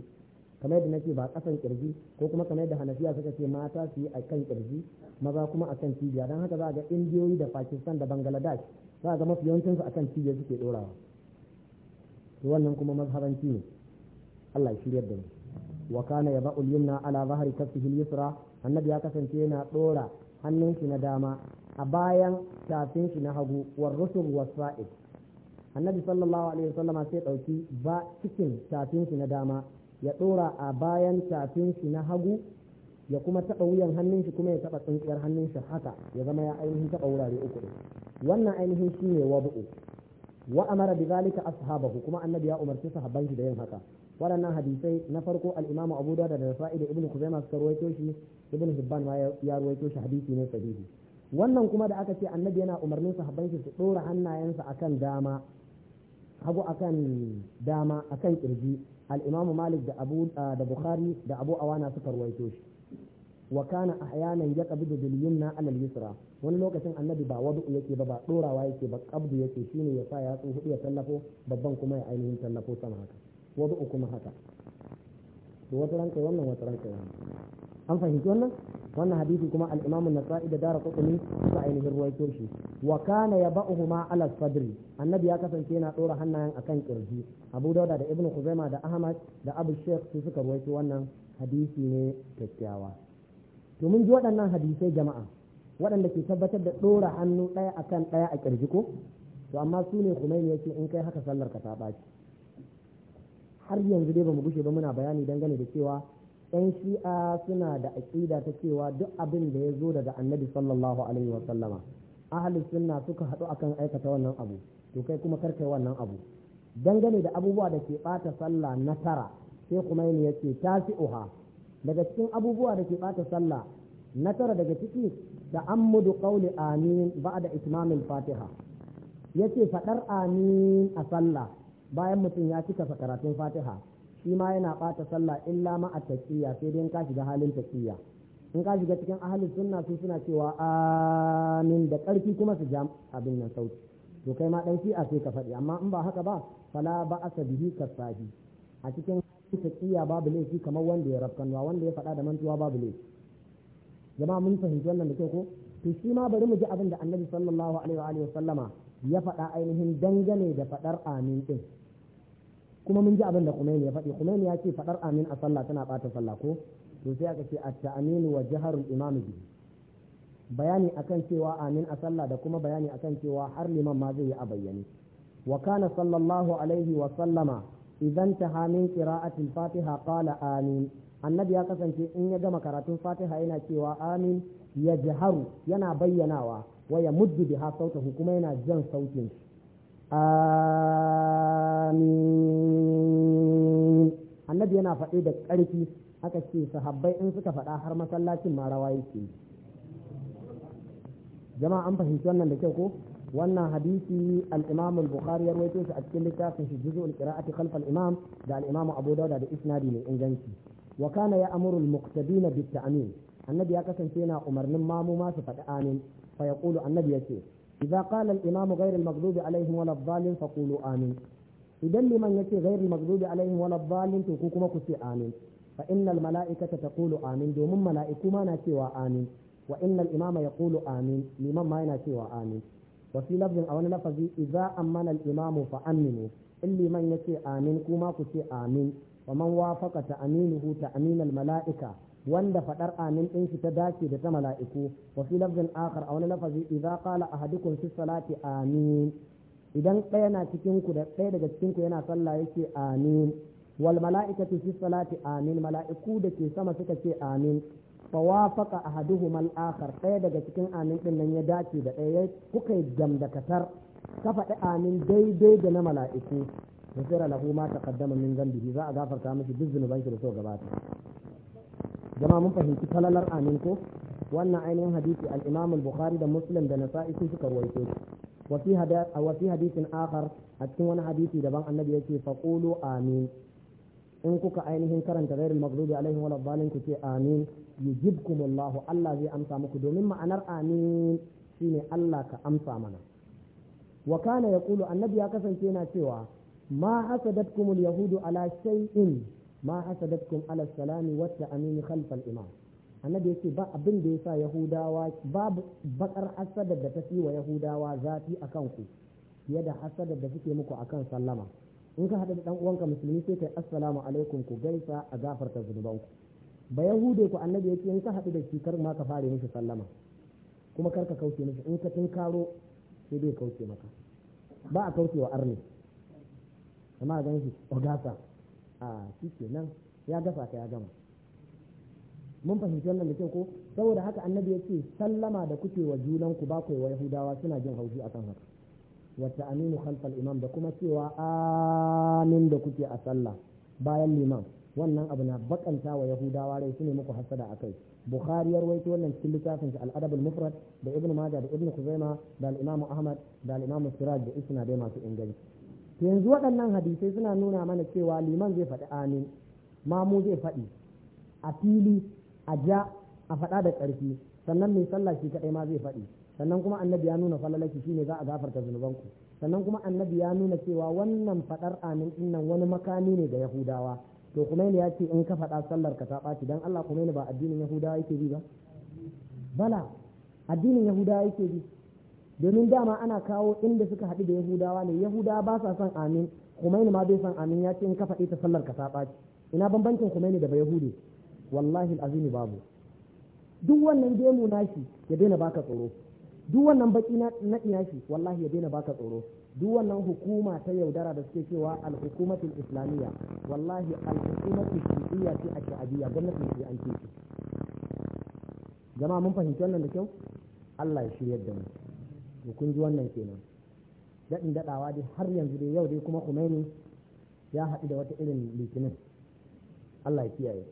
kamar yadda nake ba kasan kirji ko kuma kamar yadda hanafiya suka ce mata su yi a kan kirji maza kuma a kan cibiya don haka za a ga indiyoyi da pakistan da bangladesh za a ga mafi yawancin su a kan cibiya suke dorawa to wannan kuma mazhabanci ne Allah ya shiryar da mu wa kana ba'ul yumna ala zahri kaffihi al-yusra annabi ya kasance yana dora hannun shi na dama a bayan tafin shi na hagu war rusul wasa'id annabi sallallahu alaihi wasallama sai dauki ba cikin tafin shi na dama ya ɗora a bayan tafin shi na hagu ya kuma taɓa wuyan hannun shi kuma ya taɓa tsintsiyar hannun shi haka ya zama ya ainihin taɓa wurare uku wannan ainihin shi ne wabu'u wa amara bi zalika ashabahu kuma annabi ya umarci sahabban shi da yin haka waɗannan hadisai na farko al-imamu abu da da nasa'i da ibnu kuzaima suka ruwaito shi ibnu hibban ma ya ruwaito shi hadisi ne sahihi wannan kuma da aka ce annabi yana umarnin sahabban shi su ɗora hannayensa akan dama hagu akan dama akan kirji al-imamu malik da abu ah, da bukhari da abu awana suka ruwaito shi wa kana ahyanan yaqbidu bil yumna ala al-yusra wani lokacin annabi ba wadu yake ba ba dorawa yake ba qabdu yake shine ya sa ya tsu hudu ya tallafo babban kuma ya ainihin tallafo sama haka wadu kuma haka to wata ranka wannan wata ranka an fahimci wannan wannan hadisi kuma al-Imam an-Nasa'i da Daraqutni suka ainihin ruwaito shi wa kana ma ala sadri annabi ya kasance yana dora hannayen akan kirji Abu Dawud da Ibn Khuzaimah da Ahmad da Abu Sheikh su suka ruwaito wannan hadisi ne kyakkyawa to mun ji waɗannan hadisai jama'a waɗanda ke tabbatar da dora hannu ɗaya akan ɗaya a kirji ko to amma su ne ya yake in kai haka sallar ka ta ɓaci har yanzu dai bamu gushe ba muna bayani dangane da cewa ɗan shi'a suna da aƙida ta cewa duk abin da ya zo daga annabi sallallahu alaihi sallama ahalin sunna suka haɗu akan aikata wannan abu to kai kuma karkai wannan abu dangane da abubuwa da ke ɓata sallah na tara sai kuma ne ya ce tasi'uha daga cikin abubuwa da ke ɓata sallah na tara daga ciki da ammudu qawli amin da itmamil fatiha yace faɗar amin a sallah bayan mutum ya cika karatun fatiha shi ma yana ɓata sallah illa ma a taqiyya sai dai ka shiga halin taqiyya in ka shiga cikin ahlus sunna su suna cewa amin da ƙarfi kuma su jam abin nan sauti to kai ma dan a sai ka faɗi amma in ba haka ba fala ba asa bihi kasahi a cikin taqiyya babu laifi kamar wanda ya rafkanwa wanda ya faɗa da mantuwa babu laifi jama'a mun fahimci wannan da kyau ko to shi ma bari mu ji abin da annabi sallallahu alaihi wa sallama ya faɗa ainihin dangane da faɗar amin din kuma mun ji abin da Khomeini ya faɗi Khomeini ya ce faɗar amin a sallah tana ɓata sallah ko to sai aka ce at-ta'minu wa jaharul imam bi bayani akan cewa amin a sallah da kuma bayani akan cewa har liman ma zai yi a bayyane wa kana sallallahu alaihi wa sallama idan ta hamin qira'ati fatiha qala amin annabi ya kasance in ya gama karatun fatiha yana cewa amin ya jaharu yana bayyanawa wa ya muddu biha sautahu kuma yana jan sautin amin annabi yana faɗi da ƙarfi aka ce sahabbai in suka faɗa har masallacin ma rawa yake jama'a an fahimci wannan da kyau ko wannan hadisi al-imam al-bukhari ya rawaito shi a cikin littafin shi juz'ul qira'ati khalf al-imam da al-imam abu dawud da isnadi mai inganci wa kana ya'muru al-muqtadina bit-ta'min annabi ya kasance yana umarnin mamu ma su faɗi amin fa yaqulu annabi yace إذا قال الإمام غير المغضوب عليهم ولا الضالين فقولوا آمين إذا لمن يتي غير المغضوب عليهم ولا الضالين تقوكم كسي آمين فإن الملائكة تقول آمين دوم ملائكة ما نسوى آمين وإن الإمام يقول آمين لمن ما ينسوى آمين وفي لفظ أو لفظ إذا أمن الإمام فأمنوا اللي من يتي آمين كما كسي آمين ومن وافق تأمينه تأمين الملائكة wanda faɗar amin ɗin shi ta dace da ta mala'iku wa fi lafzin akhar a wani lafazi idza qala ahadukum fi salati amin idan ɗaya na cikin ku da ɗaya daga cikin ku yana sallah yake amin wal mala'ikatu fi salati amin mala'iku da ke sama suka ce amin fawafaka ahaduhuma al-akhar ɗaya daga cikin amin ɗin nan ya dace da ɗaya kuka yi gamdakatar ka faɗi amin daidai da na mala'iku gafira lahu ma taqaddama min dhanbihi za a gafarta mishi duk zunuban shi da so gabata zama mun fahimci falalar amin ko wannan ainihin hadisi al-imam al-bukhari da muslim da nasa'i su suka rawaito wa fi hadisin akhar a cikin wani hadisi daban annabi yake faqulu amin in kuka ainihin karanta ghairul maghdubi alaihim waladdallin ku ce amin yujibkumullahu Allah zai amsa muku domin ma'anar amin shine Allah ka amsa mana wa kana yaqulu annabi ya kasance yana cewa ma hasadatkumul yahudu ala shay'in ma hasadatkum ala salami wa ta'amin khalf al imam annabi yace ba abin da yasa yahudawa babu bakar hasada da ta wa yahudawa zafi akan ku fiye da hasada da suke muku akan sallama in ka haɗu da ɗan uwanka musulmi sai kai assalamu alaikum ku gaisa a gafarta zunuban ku. ba yahude ku annabi yace in ka haɗu da shi kar ma ka fare mishi sallama kuma kar ka kauce mishi in ka karo sai dai kauce maka ba a kauce wa arni amma a ganshi ogasa a shi nan ya gafa ka ya gama mun fahimci wannan da kyau ko saboda haka annabi ya ce sallama da kuke wa junan ku ba wa yahudawa suna jin haushi akan haka wata aminu khalfal imam da kuma cewa amin da kuke a sallah bayan liman wannan abu na bakanta wa yahudawa rai su ne muku hasada a kai bukhari ya rawaito wannan cikin littafin al mufrad da ibnu majah da ibnu kuzaima da al-imam ahmad da al-imam siraj da isnadai masu inganci yanzu waɗannan hadisai suna nuna mana cewa liman zai faɗi amin mamu zai faɗi a fili a ja a faɗa da ƙarfi sannan mai sallah shi kaɗai ma zai faɗi sannan kuma annabi ya nuna falalaki shine za a gafarta zunubanku sannan kuma annabi ya nuna cewa wannan faɗar amin dinnan wani makami ne ga yahudawa to kuma ya ce in ka faɗa sallar ka ta ɓaci dan Allah kuma ba addinin yahudawa yake bi ba bala addinin yahudawa yake bi domin dama ana kawo inda suka haɗu da yahudawa ne yahudawa ba sa son amin Khomeini ma bai son amin ya ce in ka faɗi ta sallar ka saba ina bambancin kumaini da ba yahudi wallahi al'azim babu duk wannan gemu nashi ya daina baka tsoro duk wannan baki na nashi wallahi ya daina baka tsoro duk wannan hukuma ta yaudara da suke cewa al-hukumatul islamiyya wallahi al-hukumatul shi'iyya ce a sha'abiyya gwamnatin ce an ce jama'a mun fahimci wannan da kyau Allah ya shiryar da mu to kun ji wannan kenan daɗin daɗawa dai har yanzu dai yau dai kuma Khomeini ya haɗu da wata irin litinin Allah ya kiyaye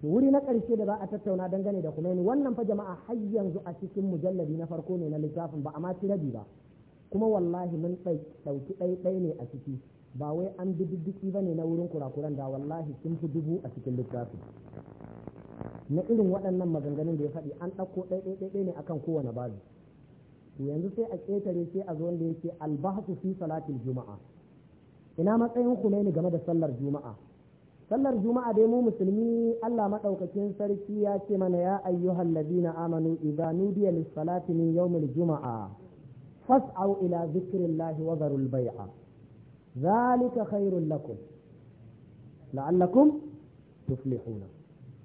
to wuri na ƙarshe da za a tattauna dangane da Khomeini wannan fa jama'a har yanzu a cikin mujallabi na farko ne na littafin ba a ma ci rabi ba kuma wallahi mun ɗauki ɗaiɗai ne a ciki ba wai an bi diddiki ba ne na wurin kurakuran da wallahi sun fi dubu a cikin littafin na irin waɗannan maganganun da ya faɗi an ɗauko ɗaiɗai ne akan kowane babu yanzu sai a ƙetare sai a zo wanda yake albahasu fi salatin juma'a ina matsayin Khomeini game da sallar juma'a sallar juma'a dai mu musulmi Allah madaukakin sarki ya ce mana ya ayyuhal ladina amanu idza nudiya lis salati min yawmil juma'a fas'au ila dhikrillahi wa dharul bai'a zalika khairul lakum la'allakum tuflihuna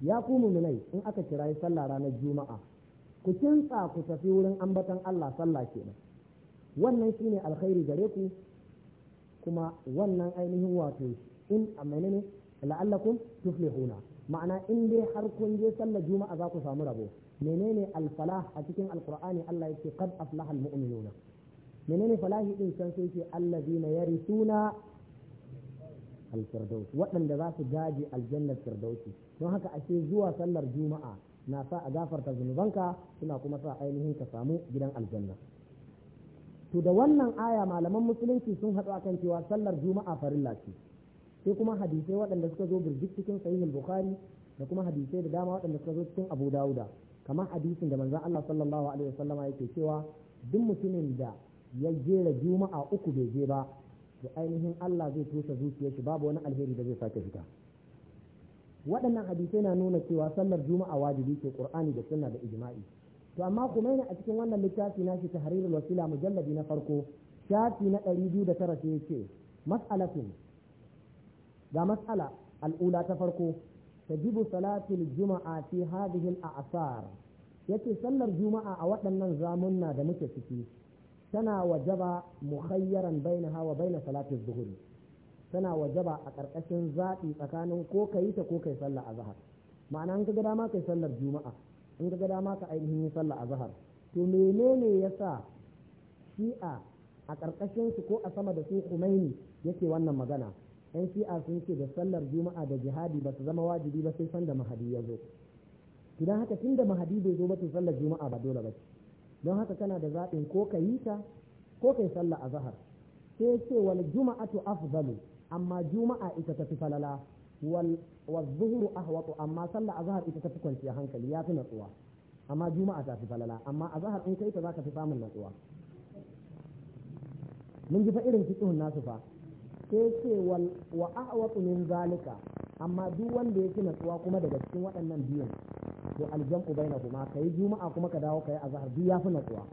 ya ku mu'minai in aka kirayi sallah ranar juma'a ku kintsa ku tafi wurin ambatan Allah sallah kenan wannan shine alkhairi gare ku kuma wannan ainihin wato in menene la'allakum tuflihuna ma'ana in dai har kun je sallar juma'a za ku samu rabo menene alfalah a cikin alqur'ani Allah yake qad aflaha almu'minuna menene falahi din san sai ce allazina yarisuna alfirdaus waɗanda za su gaji aljannar firdausi don haka ashe zuwa sallar juma'a na sa a gafarta zunubanka suna kuma sa ainihin ka samu gidan aljanna to da wannan aya malaman musulunci sun haɗu akan cewa sallar juma'a farilla ce sai kuma hadisai waɗanda suka zo birjik cikin sahihul bukhari da kuma hadisai da dama waɗanda suka zo cikin abu dauda kamar hadisin da manzon Allah sallallahu alaihi wasallama yake cewa duk mutumin da ya jera juma'a uku bai je ba to ainihin Allah zai tusa zuciyar shi babu wani alheri da zai sake fita waɗannan hadisai na nuna cewa sallar juma'a wajibi ce qur'ani da suna da ijma'i to amma kuma ne a cikin wannan littafi na shi ta tahrirul wasila mujalladi na farko shafi na ɗari biyu da tara sai yace mas'alatun ga mas'ala al'ula ta farko tajibu salatul juma'a fi hadhihi al-a'sar yace sallar juma'a a waɗannan zamunna da muke ciki tana wajaba mukhayyaran bainaha wa baina salatul zuhri tana wajaba a ƙarƙashin zaɓi tsakanin ko ka yi ta ko kai sallah a zahar ma'ana in ka ga dama kai sallar juma'a in ka ga dama ka ainihin yi sallah a zahar to menene ya sa shi'a a ƙarƙashin su ko a sama da su kumaini yake wannan magana yan shi'a sun ce da sallar juma'a da jihadi ba su zama wajibi ba sai san da mahadi ya zo idan haka tun da mahadi bai zo ba to sallar juma'a ba dole ba don haka kana da zaɓin ko ka yi ta ko kai sallah a zahar sai ce wal juma'atu afdalu amma juma'a ita tafi fi falala wal zuhru ahwatu amma sallah azhar ita ta fi kwanciya hankali ya fi natsuwa amma juma'a ta fi falala amma azhar in kai ta zaka fi samun natsuwa mun ji fa irin fiqhun nasu fa sai ce wal wa ahwatu min zalika amma duk wanda yake natsuwa kuma daga cikin waɗannan biyun to aljam'u bainahuma kai juma'a kuma ka dawo kai azhar duk ya fi natsuwa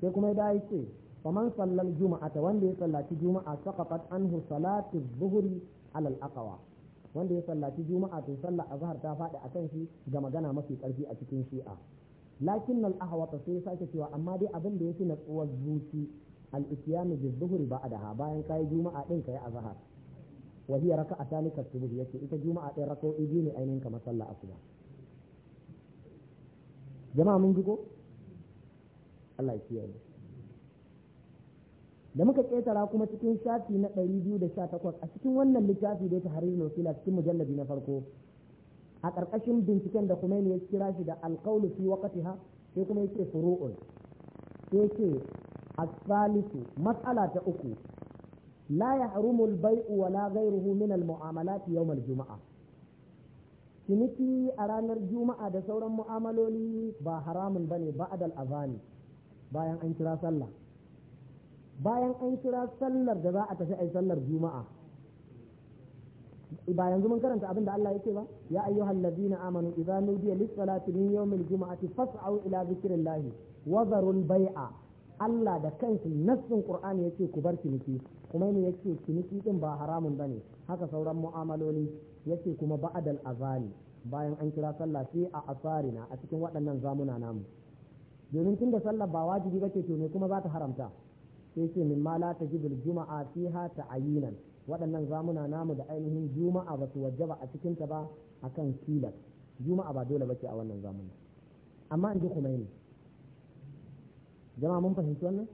sai kuma ya dawo ce sallar juma'a ta wanda ya sallaci juma'a saqafat anhu salatu zuhri alal aqwa wanda ya sallaci juma'a to sallar azahar ta faɗi a kan shi ga magana mafi ƙarfi a cikin shi'a lakin al ahwata sai sake cewa amma dai abin da ya yafi natsuwar zuci al ba a da ha bayan kaya juma'a din kai azhar wa hiya raka'atan ka subuh yake ita juma'a din raka'o'i biyu ne ainihin kamar sallar asuba jama'a mun ji Allah ya kiyaye da muka ƙetara kuma cikin shafi na 218 a cikin wannan littafi da ta harir nufila cikin mujallabi na farko a ƙarƙashin binciken da kuma ya kira shi da alƙaulu fi ha sai kuma yake furu'un sai ce asalisu mas'ala ta uku la ya al-bay'u wa la ghayruhu min al yawm al ciniki a ranar juma'a da sauran mu'amaloli ba haramun bane ba'da al-azani bayan an kira sallah bayan an kira sallar da za a tafi ai sallar juma'a ba yanzu mun karanta abin da Allah yake ba ya ayyuhal ladina amanu idza nudiya lis salati min yawmil juma'ati fas'au ila dhikrillahi wa zarul bai'a Allah da kansa nassin Qur'ani yake ku bar ciniki kuma ne yake ciniki din ba haramun bane haka sauran mu'amaloli yace kuma ba'dal azani bayan an kira sallah sai a asarina a cikin waɗannan zamuna namu domin tunda sallah ba wajibi bace to ne kuma za ta haramta sai ce min ma la tajibul juma'a ta ayinan waɗannan zamuna namu da ainihin juma'a ba su wajaba a cikin ta ba kan tilas juma'a ba dole bace a wannan zamuna amma in ji kumaini jama'a mun fahimci wannan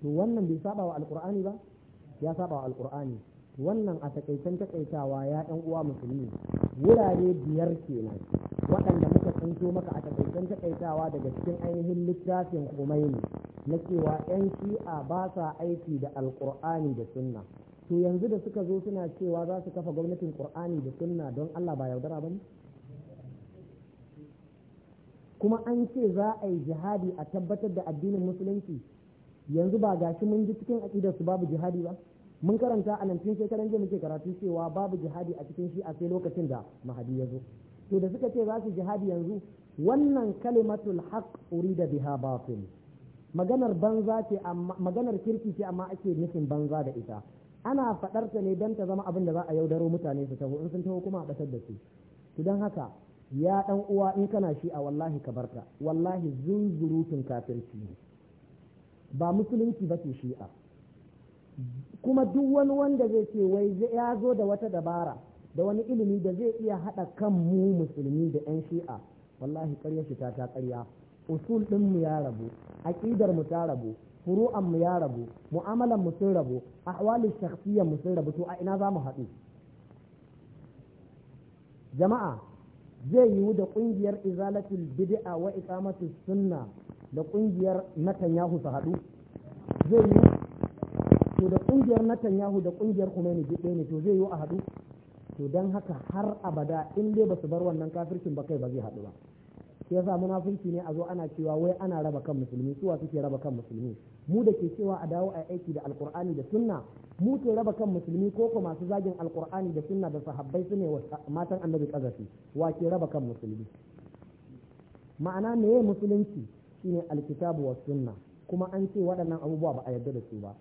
to wannan bai saba wa Alƙur'ani ba ya saba wa Alƙur'ani. wannan a takaitan takaitawa ya ɗan uwa musulmi wurare biyar kenan waɗanda muka tsanto maka a takaitan takaitawa daga cikin ainihin littafin kumaini na cewa 'yan shi'a ba sa aiki da alƙur'ani da sunna to yanzu da suka zo suna cewa za su kafa gwamnatin ƙur'ani da sunna don allah ba yaudara ba ne kuma an ce za a yi jihadi a tabbatar da addinin musulunci yanzu ba gashi mun ji cikin aƙidar babu jihadi ba mun karanta a nan cikin shekaran jiya muke karatu cewa babu jihadi a cikin shi a sai lokacin da mahadi ya zo to da suka ce za su jihadi yanzu wannan kalimatul haqq urida biha batil maganar banza ce amma maganar kirki ce amma ake nufin banza da ita ana faɗar ta ne don ta zama abin da za a yaudaro mutane su taho in sun taho kuma a ɗasar da su to don haka ya ɗan uwa in kana shi a wallahi ka barta wallahi zunzurutun kafirci ne ba musulunci ba ce shi'a kuma duk wani wanda zai ce wai ya zo da wata dabara da wani ilimi da zai iya haɗa kan mu musulmi da 'yan shi'a wallahi ƙarya shi ta ta ƙarya usul ɗin mu ya rabu aƙidar mu ta rabu furu'an mu ya rabu mu'amalan mu sun rabu ahwalin shakhsiyya mu sun rabu to a ina za mu haɗu jama'a zai yiwu da ƙungiyar izalatul bid'a wa iqamatus sunna da ƙungiyar Netanyahu su haɗu zai yiwu kungiyar natanyahu da ƙungiyar Khomeini duk ɗaya ne to zai yi a haɗu to don haka har abada in dai ba su bar wannan kafircin ba kai ba zai haɗu ba shi yasa munafurci ne a zo ana cewa wai ana raba kan musulmi suwa suke raba kan musulmi mu da ke cewa a dawo a aiki da alkur'ani da sunna mu ke raba kan musulmi ko ko masu zagin alkur'ani da sunna da sahabbai su ne matan annabi kazafi wa ke raba kan musulmi ma'ana meye musulunci shine alkitabu wa sunna kuma an ce waɗannan abubuwa ba a yarda da su ba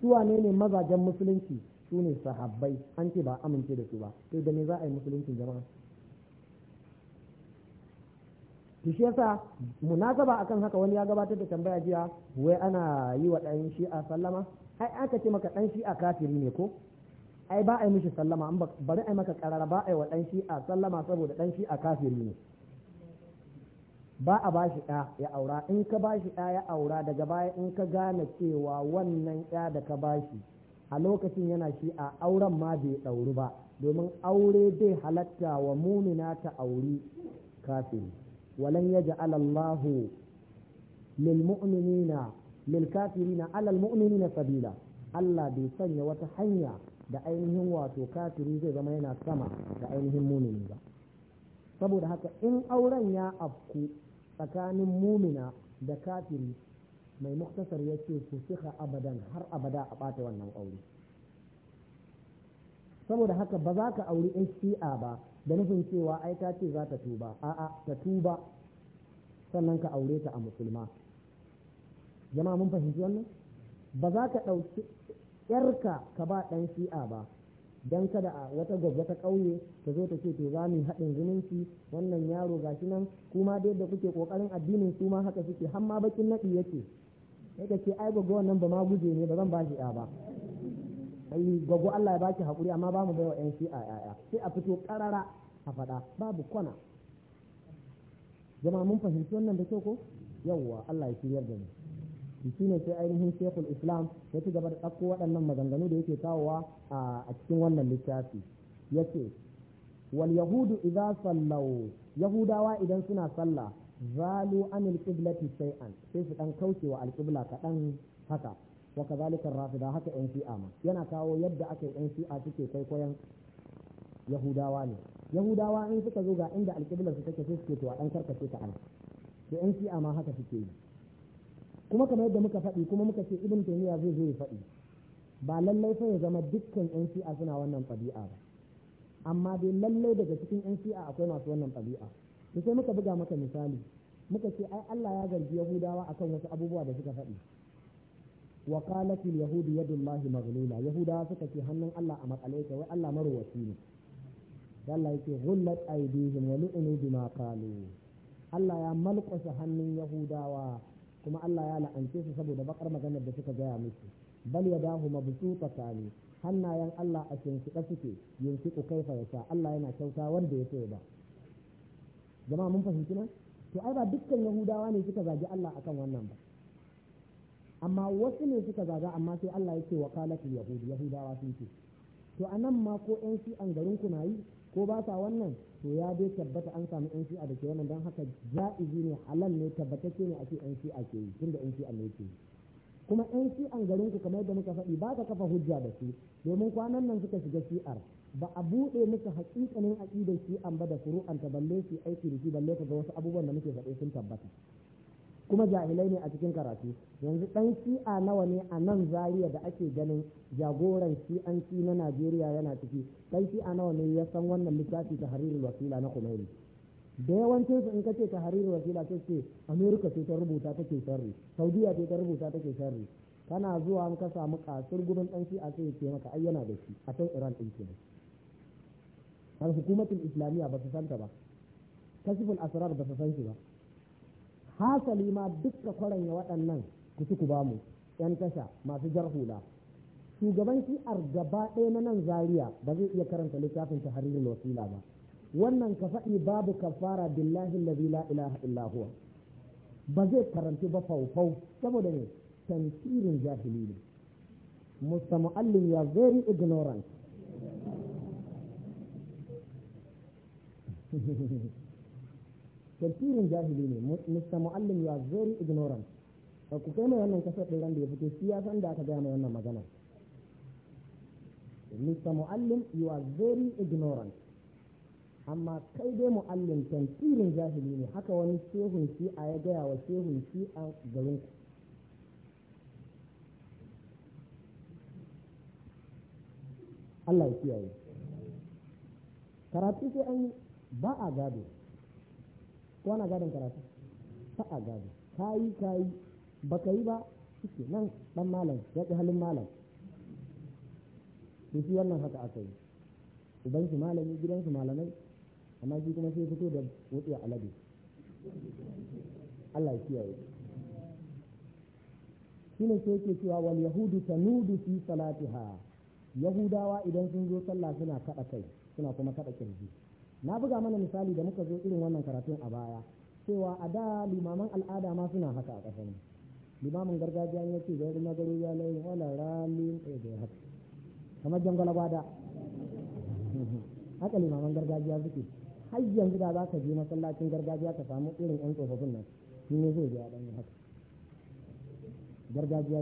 su wane ne mazajen musulunci su ne sahabbai an ce ba amince da su ba sai da me za a yi musuluncin jama'a to shi yasa munasaba akan haka wani ya gabatar da tambaya jiya wai ana yi wa ɗan shi'a sallama ai aka ce maka ɗan shi'a kafiri ne ko ai ba a yi mishi sallama bari a yi maka karara ba a yi wa ɗan shi'a sallama saboda ɗan shi'a kafiri ne ba a bashi ɗa ya aura in ka bashi ɗa ya aura daga baya in ka gane cewa wannan ɗa da ka bashi a lokacin yana shi a auren ma bai ɗauri ba domin aure bai halatta wa mumina ta auri kafin walan ya ja'alallahu lil mu'minina lil kafirina alal mu'minina sabila Allah bai sanya wata hanya da ainihin wato kafiri zai zama yana sama da ainihin mumini ba saboda haka in auren ya afku tsakanin mumina da kafiri mai muktasar ya ce ku suka abadan har abada a bata wannan aure saboda haka ba za ka auri in shi'a ba da nufin cewa ai ta ce za ta tuba a'a ta tuba sannan ka aure ta a musulma jama'a mun fahimci wannan ba za ka ɗauki yarka ka ba ɗan shi'a ba don kada a wata gwabza ta ƙauye ta zo ta ce to za mu haɗin zumunci wannan yaro gashi nan kuma da yadda kuke ƙoƙarin addinin su ma haka suke hamma bakin naɗi yake Yadda ce ai gwaggo wannan ba ma guje ne ba zan ba shi ɗa ba ai gwaggo Allah ya baki haƙuri amma ba mu bai wa 'yan shi'a ya'ya sai a fito ƙarara a faɗa babu kwana jama'a mun fahimci wannan da kyau ko yawwa Allah ya shiryar da mu shi ne sai ainihin shekul islam ya ci gaba da ɗauko waɗannan maganganu da yake kawowa a cikin wannan littafi ya ce wal yahudu idan sallau yahudawa idan suna sallah zalu anil qiblati shay'an sai su dan wa alqibla kaɗan haka wa kadhalika rafida haka yan shi'a ma yana kawo yadda ake yan shi'a suke kwaikwayon yahudawa ne yahudawa in suka zo ga inda alqibla su take sai suke to a dan karkace ta ana to yan shi'a ma haka suke yi kuma kamar yadda muka faɗi kuma muka ce ibn taymiya zai zo ya faɗi ba lallai sai ya zama dukkan yan shi'a suna wannan ɗabi'a ba amma dai lallai daga cikin yan shi'a akwai masu wannan ɗabi'a to sai muka buga maka misali muka ce ai Allah ya zargi Yahudawa akan wasu abubuwa da suka faɗi wa qalat al yahud yadullahi maghlula yahudawa suka ce hannun Allah a makale wai Allah marwaci ne Allah yake ghullat aydihim wa lu'inu bima qalu Allah ya malƙwasa hannun Yahudawa kuma Allah ya la'ance su saboda bakar maganar da suka gaya musu bal yadahu mabsutatani hannayen Allah a shimfiɗa suke kai fa yasha Allah yana kyauta wanda ya so ba jama'a mun fahimci nan to ai ba dukkan yahudawa ne suka zagi Allah akan wannan ba amma wasu ne suka zaga amma sai Allah yake wakalatul yahudi yahudawa sun ce to anan ma ko yan shi an garin ku na ko ba sa wannan to ya dai tabbata an samu yan shi'a da ke wannan don haka ja'izi ne halal ne tabbatacce ne ake yan shi'a ke yi tunda yan shi'a ne ke yi kuma yan shi'an garin ku kamar yadda muka faɗi ba ka kafa hujja da su domin kwanan nan suka shiga shi'ar ba a buɗe muka haƙiƙanin aƙidar shi'an ba da furu'an ta balle su aiki da shi balle ka ga wasu abubuwan da muke faɗe sun tabbata kuma jahilai ne a cikin karatu yanzu ɗan shi'a nawa ne a nan zariya da ake ganin jagoran shi'anci na najeriya yana ciki ɗan shi'a nawa ne ya san wannan littafi ta harirul wasila na kumairi da yawancin su in ka ce tahrir wasila ta ce amerika ce ta rubuta take sharri saudiya ce ta rubuta take sharri kana zuwa in ka samu kasur gurin dan shi a sai ce maka ai yana da shi a can iran din kenan har hukumatul islamiyya ba su san ta ba kasifin asrar ba su san shi ba hasali ma dukka kwaranya waɗannan ku ci ku ba mu yan tasha masu jar hula shugaban shi'ar gaba ɗaya na nan Zariya ba zai iya karanta littafin tahrir wasila ba wannan ka faɗi babu kafara billahi allazi la ilaha illa huwa ba zai karantu ba faufau saboda ne tantirin jahili ne ya very ignorant *laughs* jahili ne musamman ya very ignorant ku kai mai wannan kasar ɗin da ya fito shi ya san da aka gaya mai wannan magana Mr. Muallim, you are very ignorant. amma kai dai mu'allin tantirin jahili ne haka wani shehun shi'a ya gaya wa shehun shi'a garin Allah ya kiyaye karatu sai an ba a gado ko ana gadon karatu ba a gado kayi kayi ba yi ba suke nan dan malam ya ƙi halin malam to shi wannan haka aka yi ubansu malami gidansu malamai amma shi kuma sai fito da a alade Allah ya kiyaye shi ne sai ke cewa wal yahudu tanudu fi salatiha yahudawa idan sun zo sallah suna kada kai suna kuma kada kirji na buga mana misali da muka zo irin wannan karatun a baya cewa a da limaman al'ada ma suna haka a ƙasar limamin gargajiya ya ce da na gari ya layi wala rali da ya haka kamar jangwala gwada *laughs* haka limaman gargajiya suke har yanzu da za ka je masallacin gargajiya ka samu irin yan tsofaffin nan shi ne zai biya ɗan haka gargajiya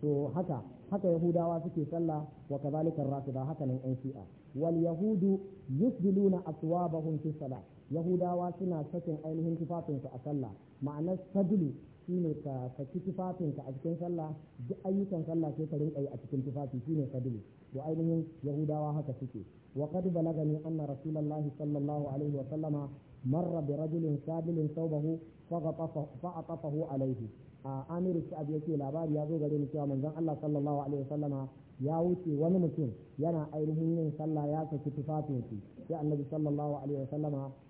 to haka haka yahudawa suke sallah wa kazalika rafida haka nan yan shi'a wal yahudu yusbiluna aswabahum fi salah yahudawa suna sakin ainihin tufafinsu a sallah ma'anar sadulu shine ka saki tufafinka a cikin sallah duk ayyukan sallah sai ka rinka yi a cikin tufafi shine sadulu to ainihin yahudawa haka suke وقد بلغني أن رسول الله صلى الله عليه وسلم مر برجل سابل ثوبه فغطفه فعطفه عليه amir sa'ad yake labari ya zo gare ni cewa manzon Allah sallallahu ya wuce wani mutum yana ainihin yin sallah ya saki tufafin shi sai annabi sallallahu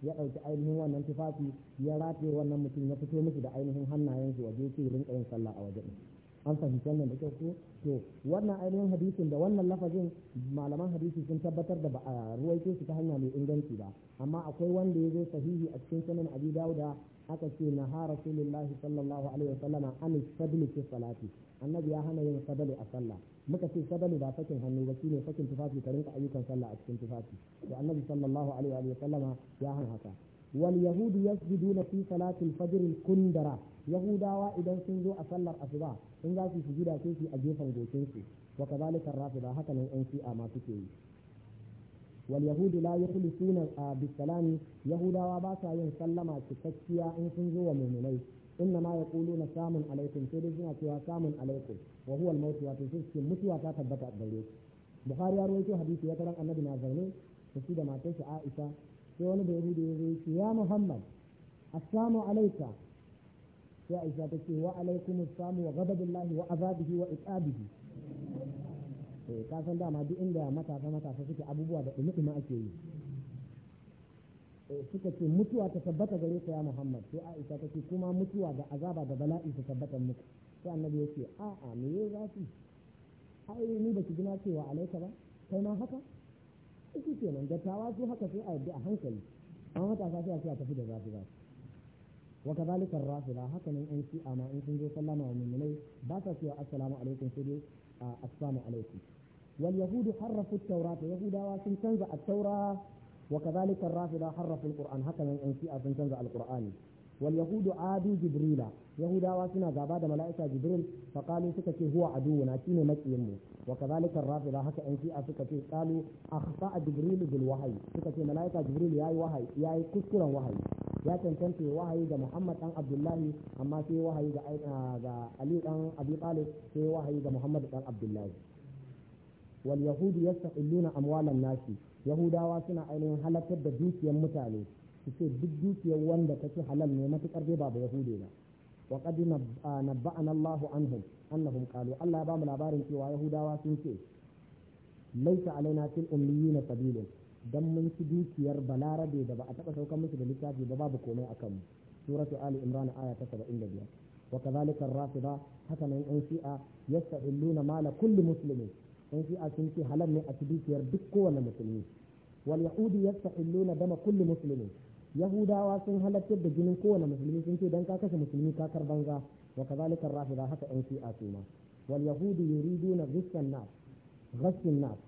ya dauki ainihin wannan tufafi ya rataye wannan mutum ya fito miki da ainihin hannayen waje yake rinka yin sallah a waje an fahimci wannan da kyau ko to wannan ainihin hadisin da wannan lafazin malaman hadisi sun tabbatar da ba a ruwaice su ta hanya mai inganci ba amma akwai wanda ya zo sahihi a cikin sanin abi dauda aka ce na ha rasulullahi sallallahu alaihi wasallam an sabli fi salati annabi ya hana yin sabali a sallah muka ce sabali ba fakin hannu ba shine fakin tufafi ka rinka ayyukan sallah a cikin tufafi to annabi sallallahu alaihi wasallam ya hana haka wal yahudu yasjuduna fi salatil fajr al kundara yahudawa idan sun zo a sallar asuba in za su sujuda sai su a gefen gokin su wa kadhalika rafida haka nan yan shi'a ma suke yi wal yahudu la yukhlisuna bi salami yahudawa ba sa yin sallama cikakkiya in sun zo wa mu'minai inna ma yaquluna samun alaikum sai dai suna cewa samun alaikum wa huwa al maut wa tusikin mutuwa ta tabbata gare ku bukhari ya rawaito hadisi ya karan annabi na zaune da shi da matarsa aisha sai wani da ya zo ya ce ya muhammad assalamu alaika sai aisha ta ce wa alaikum assamu wa ghadabillahi wa azabihi wa iqabihi eh ka san dama duk inda matasa matasa suke abubuwa da dumi ake yi eh, suka ce mutuwa ta tabbata gare ka ya Muhammad sai Aisha ta ce kuma mutuwa da azaba da bala'i ta tabbata muku sai annabi ya ce a'a me ya zafi ai ni baki gina cewa alaika ba kai ma haka shi kenan dattawa su haka sai a yadda a hankali an matasa sai sai a tafi da zafi zafi wa kadhalika rafida haka nan an shi amma in sun zo sallama wa mu'minai ba sa cewa assalamu alaikum sai dai assalamu alaikum wal yahudu harrafu at-taurat yahudawa sun canza at-taura wa kadhalika rafida harrafu al-qur'an haka nan an shi sun canza al-qur'ani wal yahudu adu jibrila yahudawa suna gaba da mala'ika jibril fa qalu suka ce huwa aduwuna shine makiyin mu wa kadhalika rafida haka an shi'a suka ce qalu akhta jibril bil wahyi suka ce mala'ika jibril yayi wahayi yayi kuskuren wahayi ya tantance wahayi ga Muhammad dan Abdullahi amma sai wahayi ga ah, ga Ali dan Abi Talib sai wahayi ga Muhammad dan Abdullahi wal yahudu yastaqilluna amwalan nasi yahudawa suna ainihin halakar da dukiyar mutane su ce duk dukiyar wanda ta ci halal ne matukar dai babu yahude ba wa qad nabba'ana Allah anhum annahum qalu Allah ya ba mu labarin cewa yahudawa sun ce laisa alaina fil ummiyina sabilun dan mun ci dukiyar balarabe da ba a taba saukar musu da littafi ba babu komai akan mu suratu ali imran aya ta 75 wa kadhalika ar-rafida haka nan an shi'a yastahilluna mala kulli muslimin an shi'a sun ce halal ne a ci dukiyar duk kowane musulmi wal yahudi yastahilluna dama kulli muslimin yahudawa sun halartar da jinin kowane musulmi sun ce dan ka kashe musulmi kakar banza wa kazalika rafida haka yan shi'a su ma wal yahudu yuriduna ghassan nas ghassan nas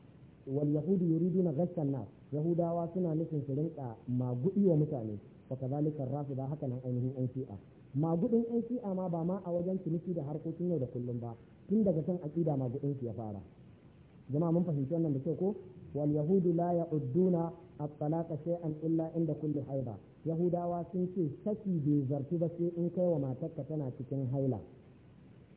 wal yahudu yuriduna ghassan nas yahudawa suna nufin su rinka magudi wa mutane wa kazalika rafida haka nan ainihin yan shi'a magudin yan shi'a ma ba ma a wajen ciniki da harkokin yau da kullum ba tun daga kan aqida magudin su ya fara jama'a mun fahimci wannan da kyau ko wal yahudu la ya'udduna at-talaqa shay'an illa inda kulli haida yahudawa sun ce saki bai zarfi ba sai in kai wa matarka tana cikin haila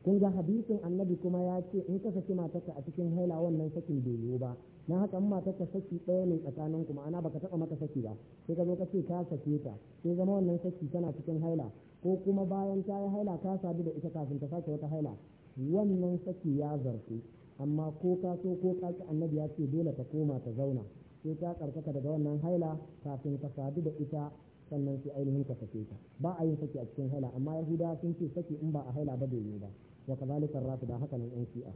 kun ga hadisin annabi kuma ya ce in ka saki matarka a cikin haila wannan sakin bai yiwu ba na haka in matarka saki ɗaya ne tsakanin kuma ana baka taɓa mata saki ba sai ka zo ka ce ka sake ta sai zama wannan saki tana cikin haila ko kuma bayan ta yi haila ka sadu da ita kafin ta sake wata haila wannan saki ya zarfi amma ko ka ko ka annabi ya ce dole ta koma ta zauna sai ta karkata daga wannan haila kafin ka sadu da ita sannan sai ainihin ka sake ta ba a yin saki a cikin haila amma yahuda sun ce saki in ba a haila ba bai ba wa kazalika da haka nan yan shi'a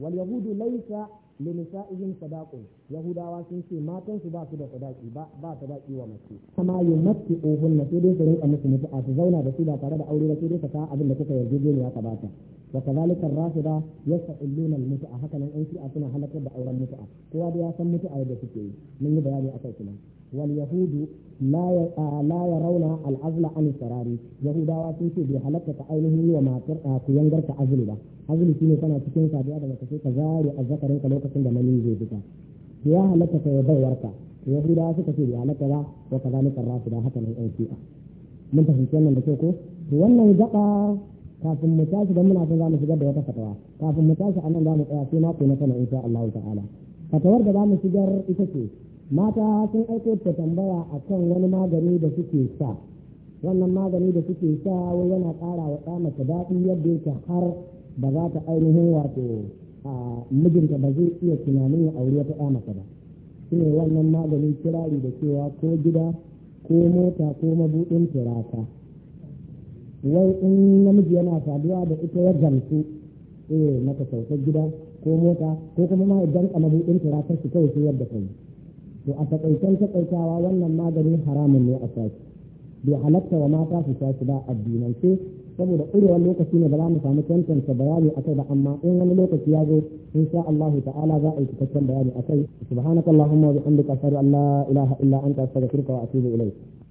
wal yahudu laysa li nisa'ihim sadaqun yahudawa sun ce matan su ba su da sadaqi ba ba sadaqi wa mace kama yumatti uhunna sai dai su rinka musu mutu'a su zauna da su ba tare da aure ba sai dai ka abin da kuka yarjejeniya ya bata وكذلك الرافضة يستحلون المتعة هكذا أن في أصلا هلك بأورا المتعة هو بها سم متعة يدفكي من بيان أساسنا واليهود لا لا يرون العزل عن القرار يهودا وسوسي بحلقة عينه وما كينجر كعزل ده عزل شيء كان cikin sabiya da mace ka zari azzakarin ka lokacin da mani zai fita ya halatta ka baiwarka yahudawa suka ce bi halarta ba wa kazalika rafida haka nan ɗan shi'a mun nan da kyau ko wannan gaba kafin mu tashi don muna son za mu shigar da wata fatawa kafin mu tashi anan za mu tsaya sai mako na sama insha Allah ta'ala fatawar da za mu shigar ita ce mata sun aiko ta tambaya akan wani magani da suke sa wannan magani da suke sa wai yana ƙara wa ɗa mace daɗi yadda yake har ba za ta ainihin wato a mijinta ba zai iya tunanin ya aure ta ɗa mace ba shine wannan maganin kirari da cewa ko gida ko mota ko mabuɗin turaka wai in namiji yana saduwa da ita ya gamsu eh mata sauka gida ko mota ko kuma ma idan kalabu din tura ta su kai yadda kai to a takaitan takaitawa wannan maganin haramun ne a saki bai halatta wa mata su saki ba addinance saboda ƙurewar lokaci ne ba za mu samu tantance bayani akai ba amma in wani lokaci ya zo insha Allah ta'ala za a yi cikakken bayani akai subhanakallahumma wa bihamdika ashhadu an la ilaha illa anta astaghfiruka wa atubu ilayk